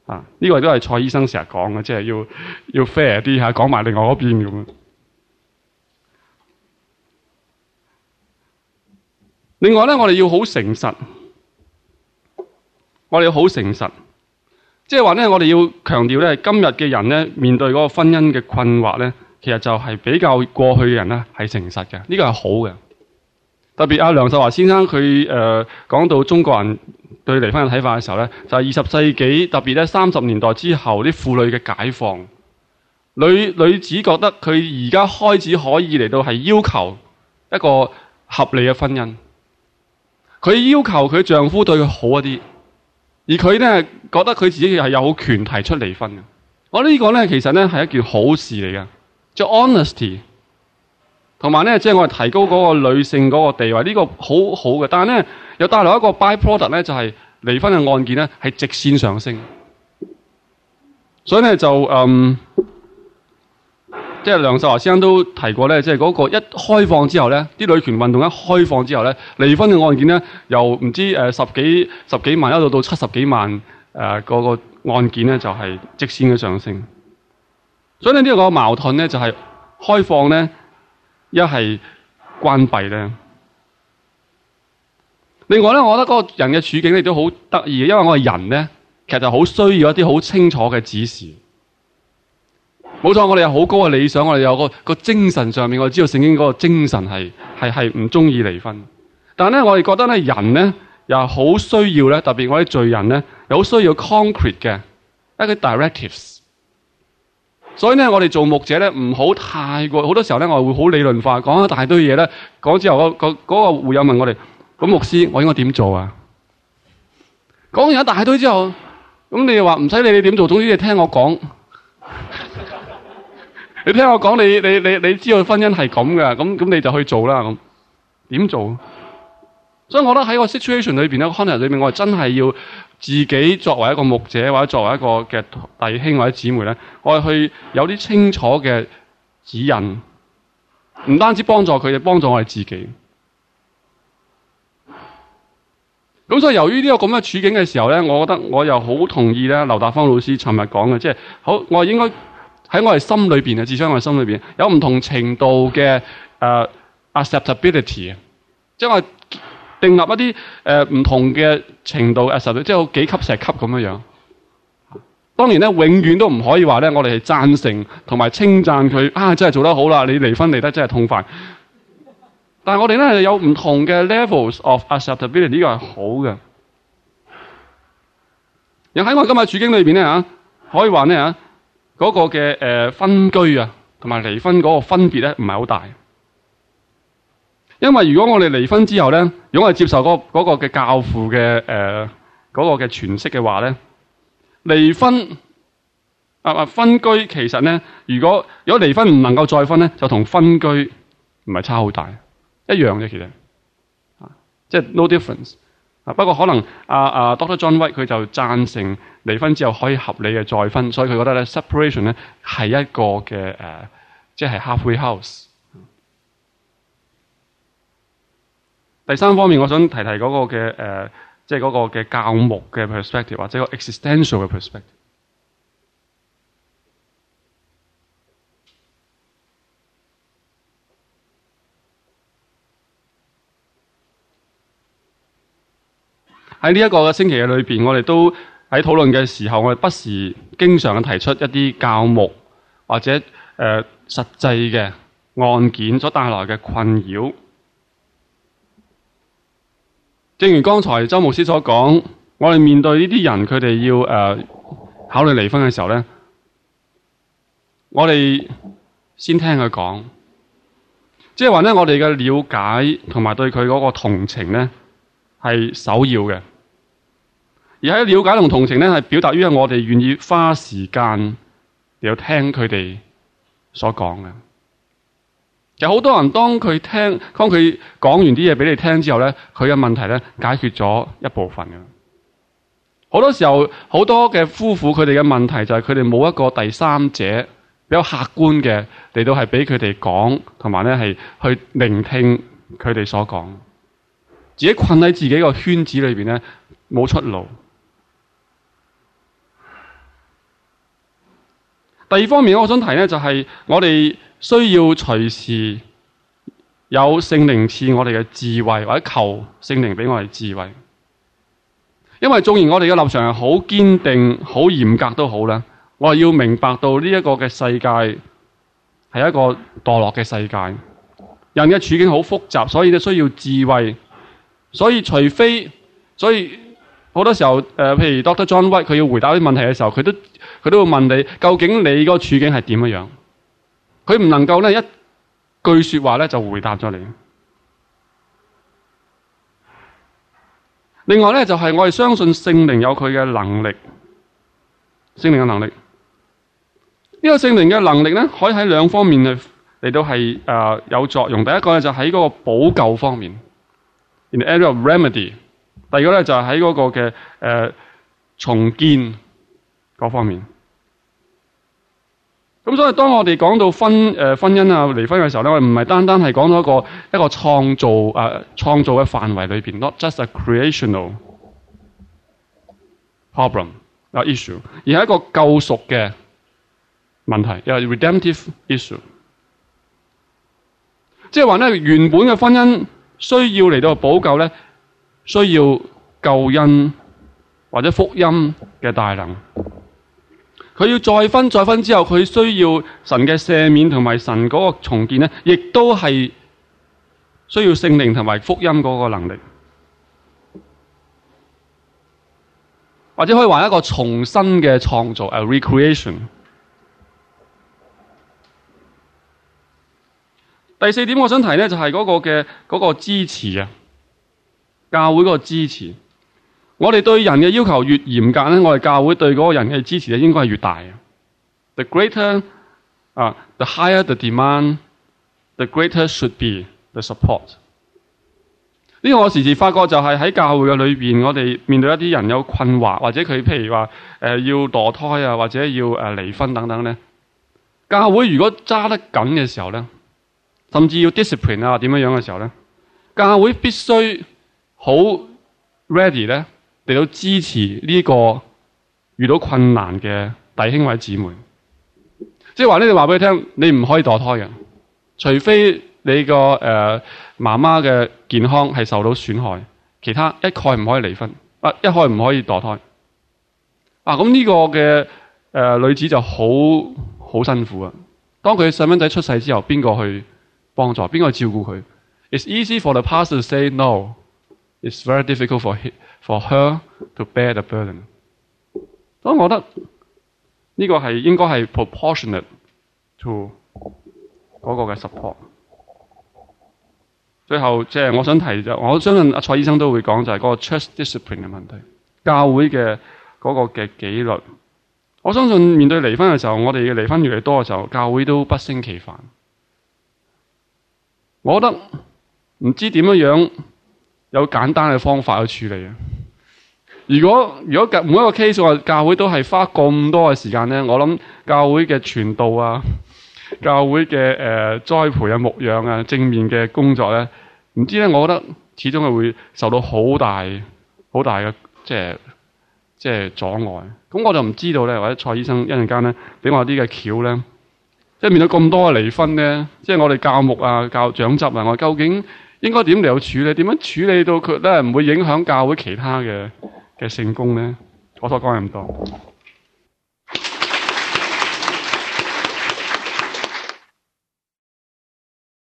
啊！呢個都係蔡醫生成日講嘅，即係要要 fair 啲下，講埋另外嗰邊。另外呢，我哋要好誠實，我哋要好誠實，即係話呢，我哋要強調呢。今日嘅人呢，面對嗰個婚姻嘅困惑呢，其實就係比較過去嘅人呢係誠實嘅，呢個係好嘅。特別阿梁秀華先生佢誒、呃、講到中國人對離婚嘅睇法嘅時候咧，就係二十世紀特別咧三十年代之後啲婦女嘅解放，女女子覺得佢而家開始可以嚟到係要求一個合理嘅婚姻，佢要求佢丈夫對佢好一啲，而佢咧覺得佢自己係有權提出離婚嘅。我個呢個咧其實咧係一件好事嚟嘅，叫 honesty。同埋咧，即係我哋提高嗰個女性嗰個地位，呢個好好嘅。但係咧，又帶來一個 byproduct 咧，就係離婚嘅案件咧，係直線上升。所以咧就嗯，即係梁秀華先生都提過咧，即係嗰個一開放之後咧，啲女權運動一開放之後咧，離婚嘅案件咧，由唔知十幾十幾萬一路到七十幾萬嗰個案件咧，就係直線嘅上升。所以呢，呢個矛盾咧就係開放咧。一係關閉咧。另外咧，我覺得嗰個人嘅處境亦都好得意，因為我係人咧，其實好需要一啲好清楚嘅指示。冇錯，我哋有好高嘅理想，我哋有個精神上面，我知道聖經嗰個精神係係係唔中意離婚。但係咧，我哋覺得咧，人咧又好需要咧，特別我啲罪人咧，又好需要 concrete 嘅一啲 directives。所以咧，我哋做牧者咧，唔好太過。好多時候咧，我哋會好理論化，講一大堆嘢咧。講之後，那個、那個嗰個會友問我哋：，咁牧師，我應該點做啊？講完一大堆之後，咁你又話唔使理你點做，總之你聽我講。 [LAUGHS] [LAUGHS] 你聽我講，你你你你知道婚姻係咁嘅，咁咁你就去做啦。咁點做？所以我覺得喺個 situation 裏邊咧、這個、context 裏邊，我真係要。自己作為一個牧者或者作為一個嘅弟兄或者姊妹咧，我哋去有啲清楚嘅指引，唔單止幫助佢，亦幫助我哋自己。咁所以由於呢個咁嘅處境嘅時候咧，我覺得我又好同意咧，劉達芳老師尋日講嘅，即係好我應該喺我哋心裏面，嘅智商，我哋心裏面有唔同程度嘅 acceptability，即係我定立一啲誒唔同嘅程度 acceptability，即係幾級石級咁樣樣。當然咧，永遠都唔可以話咧，我哋係贊成同埋稱讚佢啊，真係做得好啦！你離婚離得真係痛快。但係我哋咧有唔同嘅 levels of acceptability，呢個係好嘅。又喺我今日處境裏面呢。咧可以話咧嗰個嘅誒、呃、分居啊，同埋離婚嗰個分別咧唔係好大。因為如果我哋離婚之後咧，如果我哋接受嗰、嗰個嘅、嗰個、教父嘅誒嗰個嘅詮釋嘅話咧，離婚啊啊分居，其實咧，如果如果離婚唔能夠再婚咧，就同分居唔係差好大，一樣嘅其實啊，即係 no difference 啊。不過可能阿、啊啊、Doctor John White 佢就贊成離婚之後可以合理嘅再婚，所以佢覺得咧 separation 咧係一個嘅誒，即、啊、係、就是、halfway house。第三方面，我想提提嗰個嘅教牧嘅 perspective，或者個 existential 嘅 perspective。喺呢一個星期裏邊，我哋都喺討論嘅時候，我哋不時經常提出一啲教牧或者誒、呃、實際嘅案件所帶來嘅困擾。正如剛才周牧師所講，我哋面對呢啲人，佢哋要、呃、考慮離婚嘅時候呢，我哋先聽佢講，即係話呢，我哋嘅了解同埋對佢嗰個同情呢係首要嘅，而喺了解同同情呢，係表達於我哋願意花時間來聽佢哋所講嘅。有好多人當佢聽，當佢講完啲嘢俾你聽之後咧，佢嘅問題咧解決咗一部分嘅。好多時候，好多嘅夫婦佢哋嘅問題就係佢哋冇一個第三者比較客觀嘅，嚟到係俾佢哋講，同埋咧係去聆聽佢哋所講，自己困喺自己個圈子裏邊咧冇出路。第二方面，我想提咧就係我哋。需要隨時有聖靈賜我哋嘅智慧，或者求聖靈俾我哋智慧。因為縱然我哋嘅立場係好堅定、好嚴格都好啦，我係要明白到呢一個嘅世界係一個墮落嘅世界。人嘅處境好複雜，所以咧需要智慧。所以除非，所以好多時候誒、呃，譬如 Dr. John White 佢要回答啲問題嘅時候，佢都佢都會問你，究竟你個處境係點樣樣？佢唔能夠一句説話就回答咗你。另外呢就係我哋相信聖靈有佢嘅能力，聖靈嘅能力，呢個聖靈嘅能力呢，可以喺兩方面嚟到係有作用。第一個呢就喺嗰個補救方面，in the area of remedy。第二個呢就係喺嗰個嘅重建嗰方面。咁所以當我哋講到婚誒、呃、婚姻啊離婚嘅時候咧，我哋唔係單單係講到一個一個創造誒、呃、創造嘅範圍裏邊，not just a creational problem 啊 issue，而係一個救贖嘅問題，又係 redemptive issue。即係話咧，原本嘅婚姻需要嚟到補救咧，需要救恩或者福音嘅大能。佢要再分再分之後，佢需要神嘅赦免同埋神嗰個重建咧，亦都係需要聖靈同埋福音嗰個能力，或者可以話一個重新嘅創造，a recreation。第四點我想提呢，就係嗰個嘅嗰個支持啊，教會嗰個支持。教會的支持。我哋對人嘅要求越嚴格咧，我哋教會對嗰個人嘅支持咧應該係越大。The greater，啊、uh,，the higher the demand，the greater should be the support。呢個我時時發覺就係喺教會嘅裏邊，我哋面對一啲人有困惑，或者佢譬如話誒、呃、要墮胎啊，或者要誒、呃、離婚等等咧。教會如果揸得緊嘅時候咧，甚至要 discipline 啊點樣樣嘅時候咧，教會必須好 ready 咧。你都支持呢個遇到困難嘅弟兄位姊妹，即係話咧，你話俾佢聽，你唔可以墮胎嘅，除非你個誒媽媽嘅健康係受到損害，其他一概唔可以離婚，啊，一概唔可以墮胎。啊，咁、這、呢個嘅、uh, 女子就好好辛苦啊！當佢細蚊仔出世之後，邊個去幫助？邊個照顧佢？It's easy for the pastor to say no. It's very difficult for him. for her to bear the burden。所以我覺得呢個係應該係 proportionate to 嗰個嘅 support。最後即係我想提就，我相信阿蔡醫生都會講，就係嗰個 church discipline 嘅問題，教會嘅嗰個嘅紀律。我相信面對離婚嘅時候，我哋嘅離婚越嚟越多嘅時候，教會都不勝其煩。我覺得唔知點樣樣。有簡單嘅方法去處理啊！如果如果每一個 case 話教會都係花咁多嘅時間咧，我諗教會嘅傳道啊、教會嘅誒、呃、栽培啊、牧養啊、正面嘅工作咧，唔知咧，我覺得始終係會受到好大、好大嘅即係即係阻礙。咁我就唔知道咧，或者蔡醫生一陣間咧俾我啲嘅橋咧，即係面對咁多嘅離婚咧，即係我哋教牧啊、教長執啊，我究竟？應該點嚟有處理？點樣處理到佢咧，唔會影響教會其他嘅嘅聖工呢？我所講嘅咁多。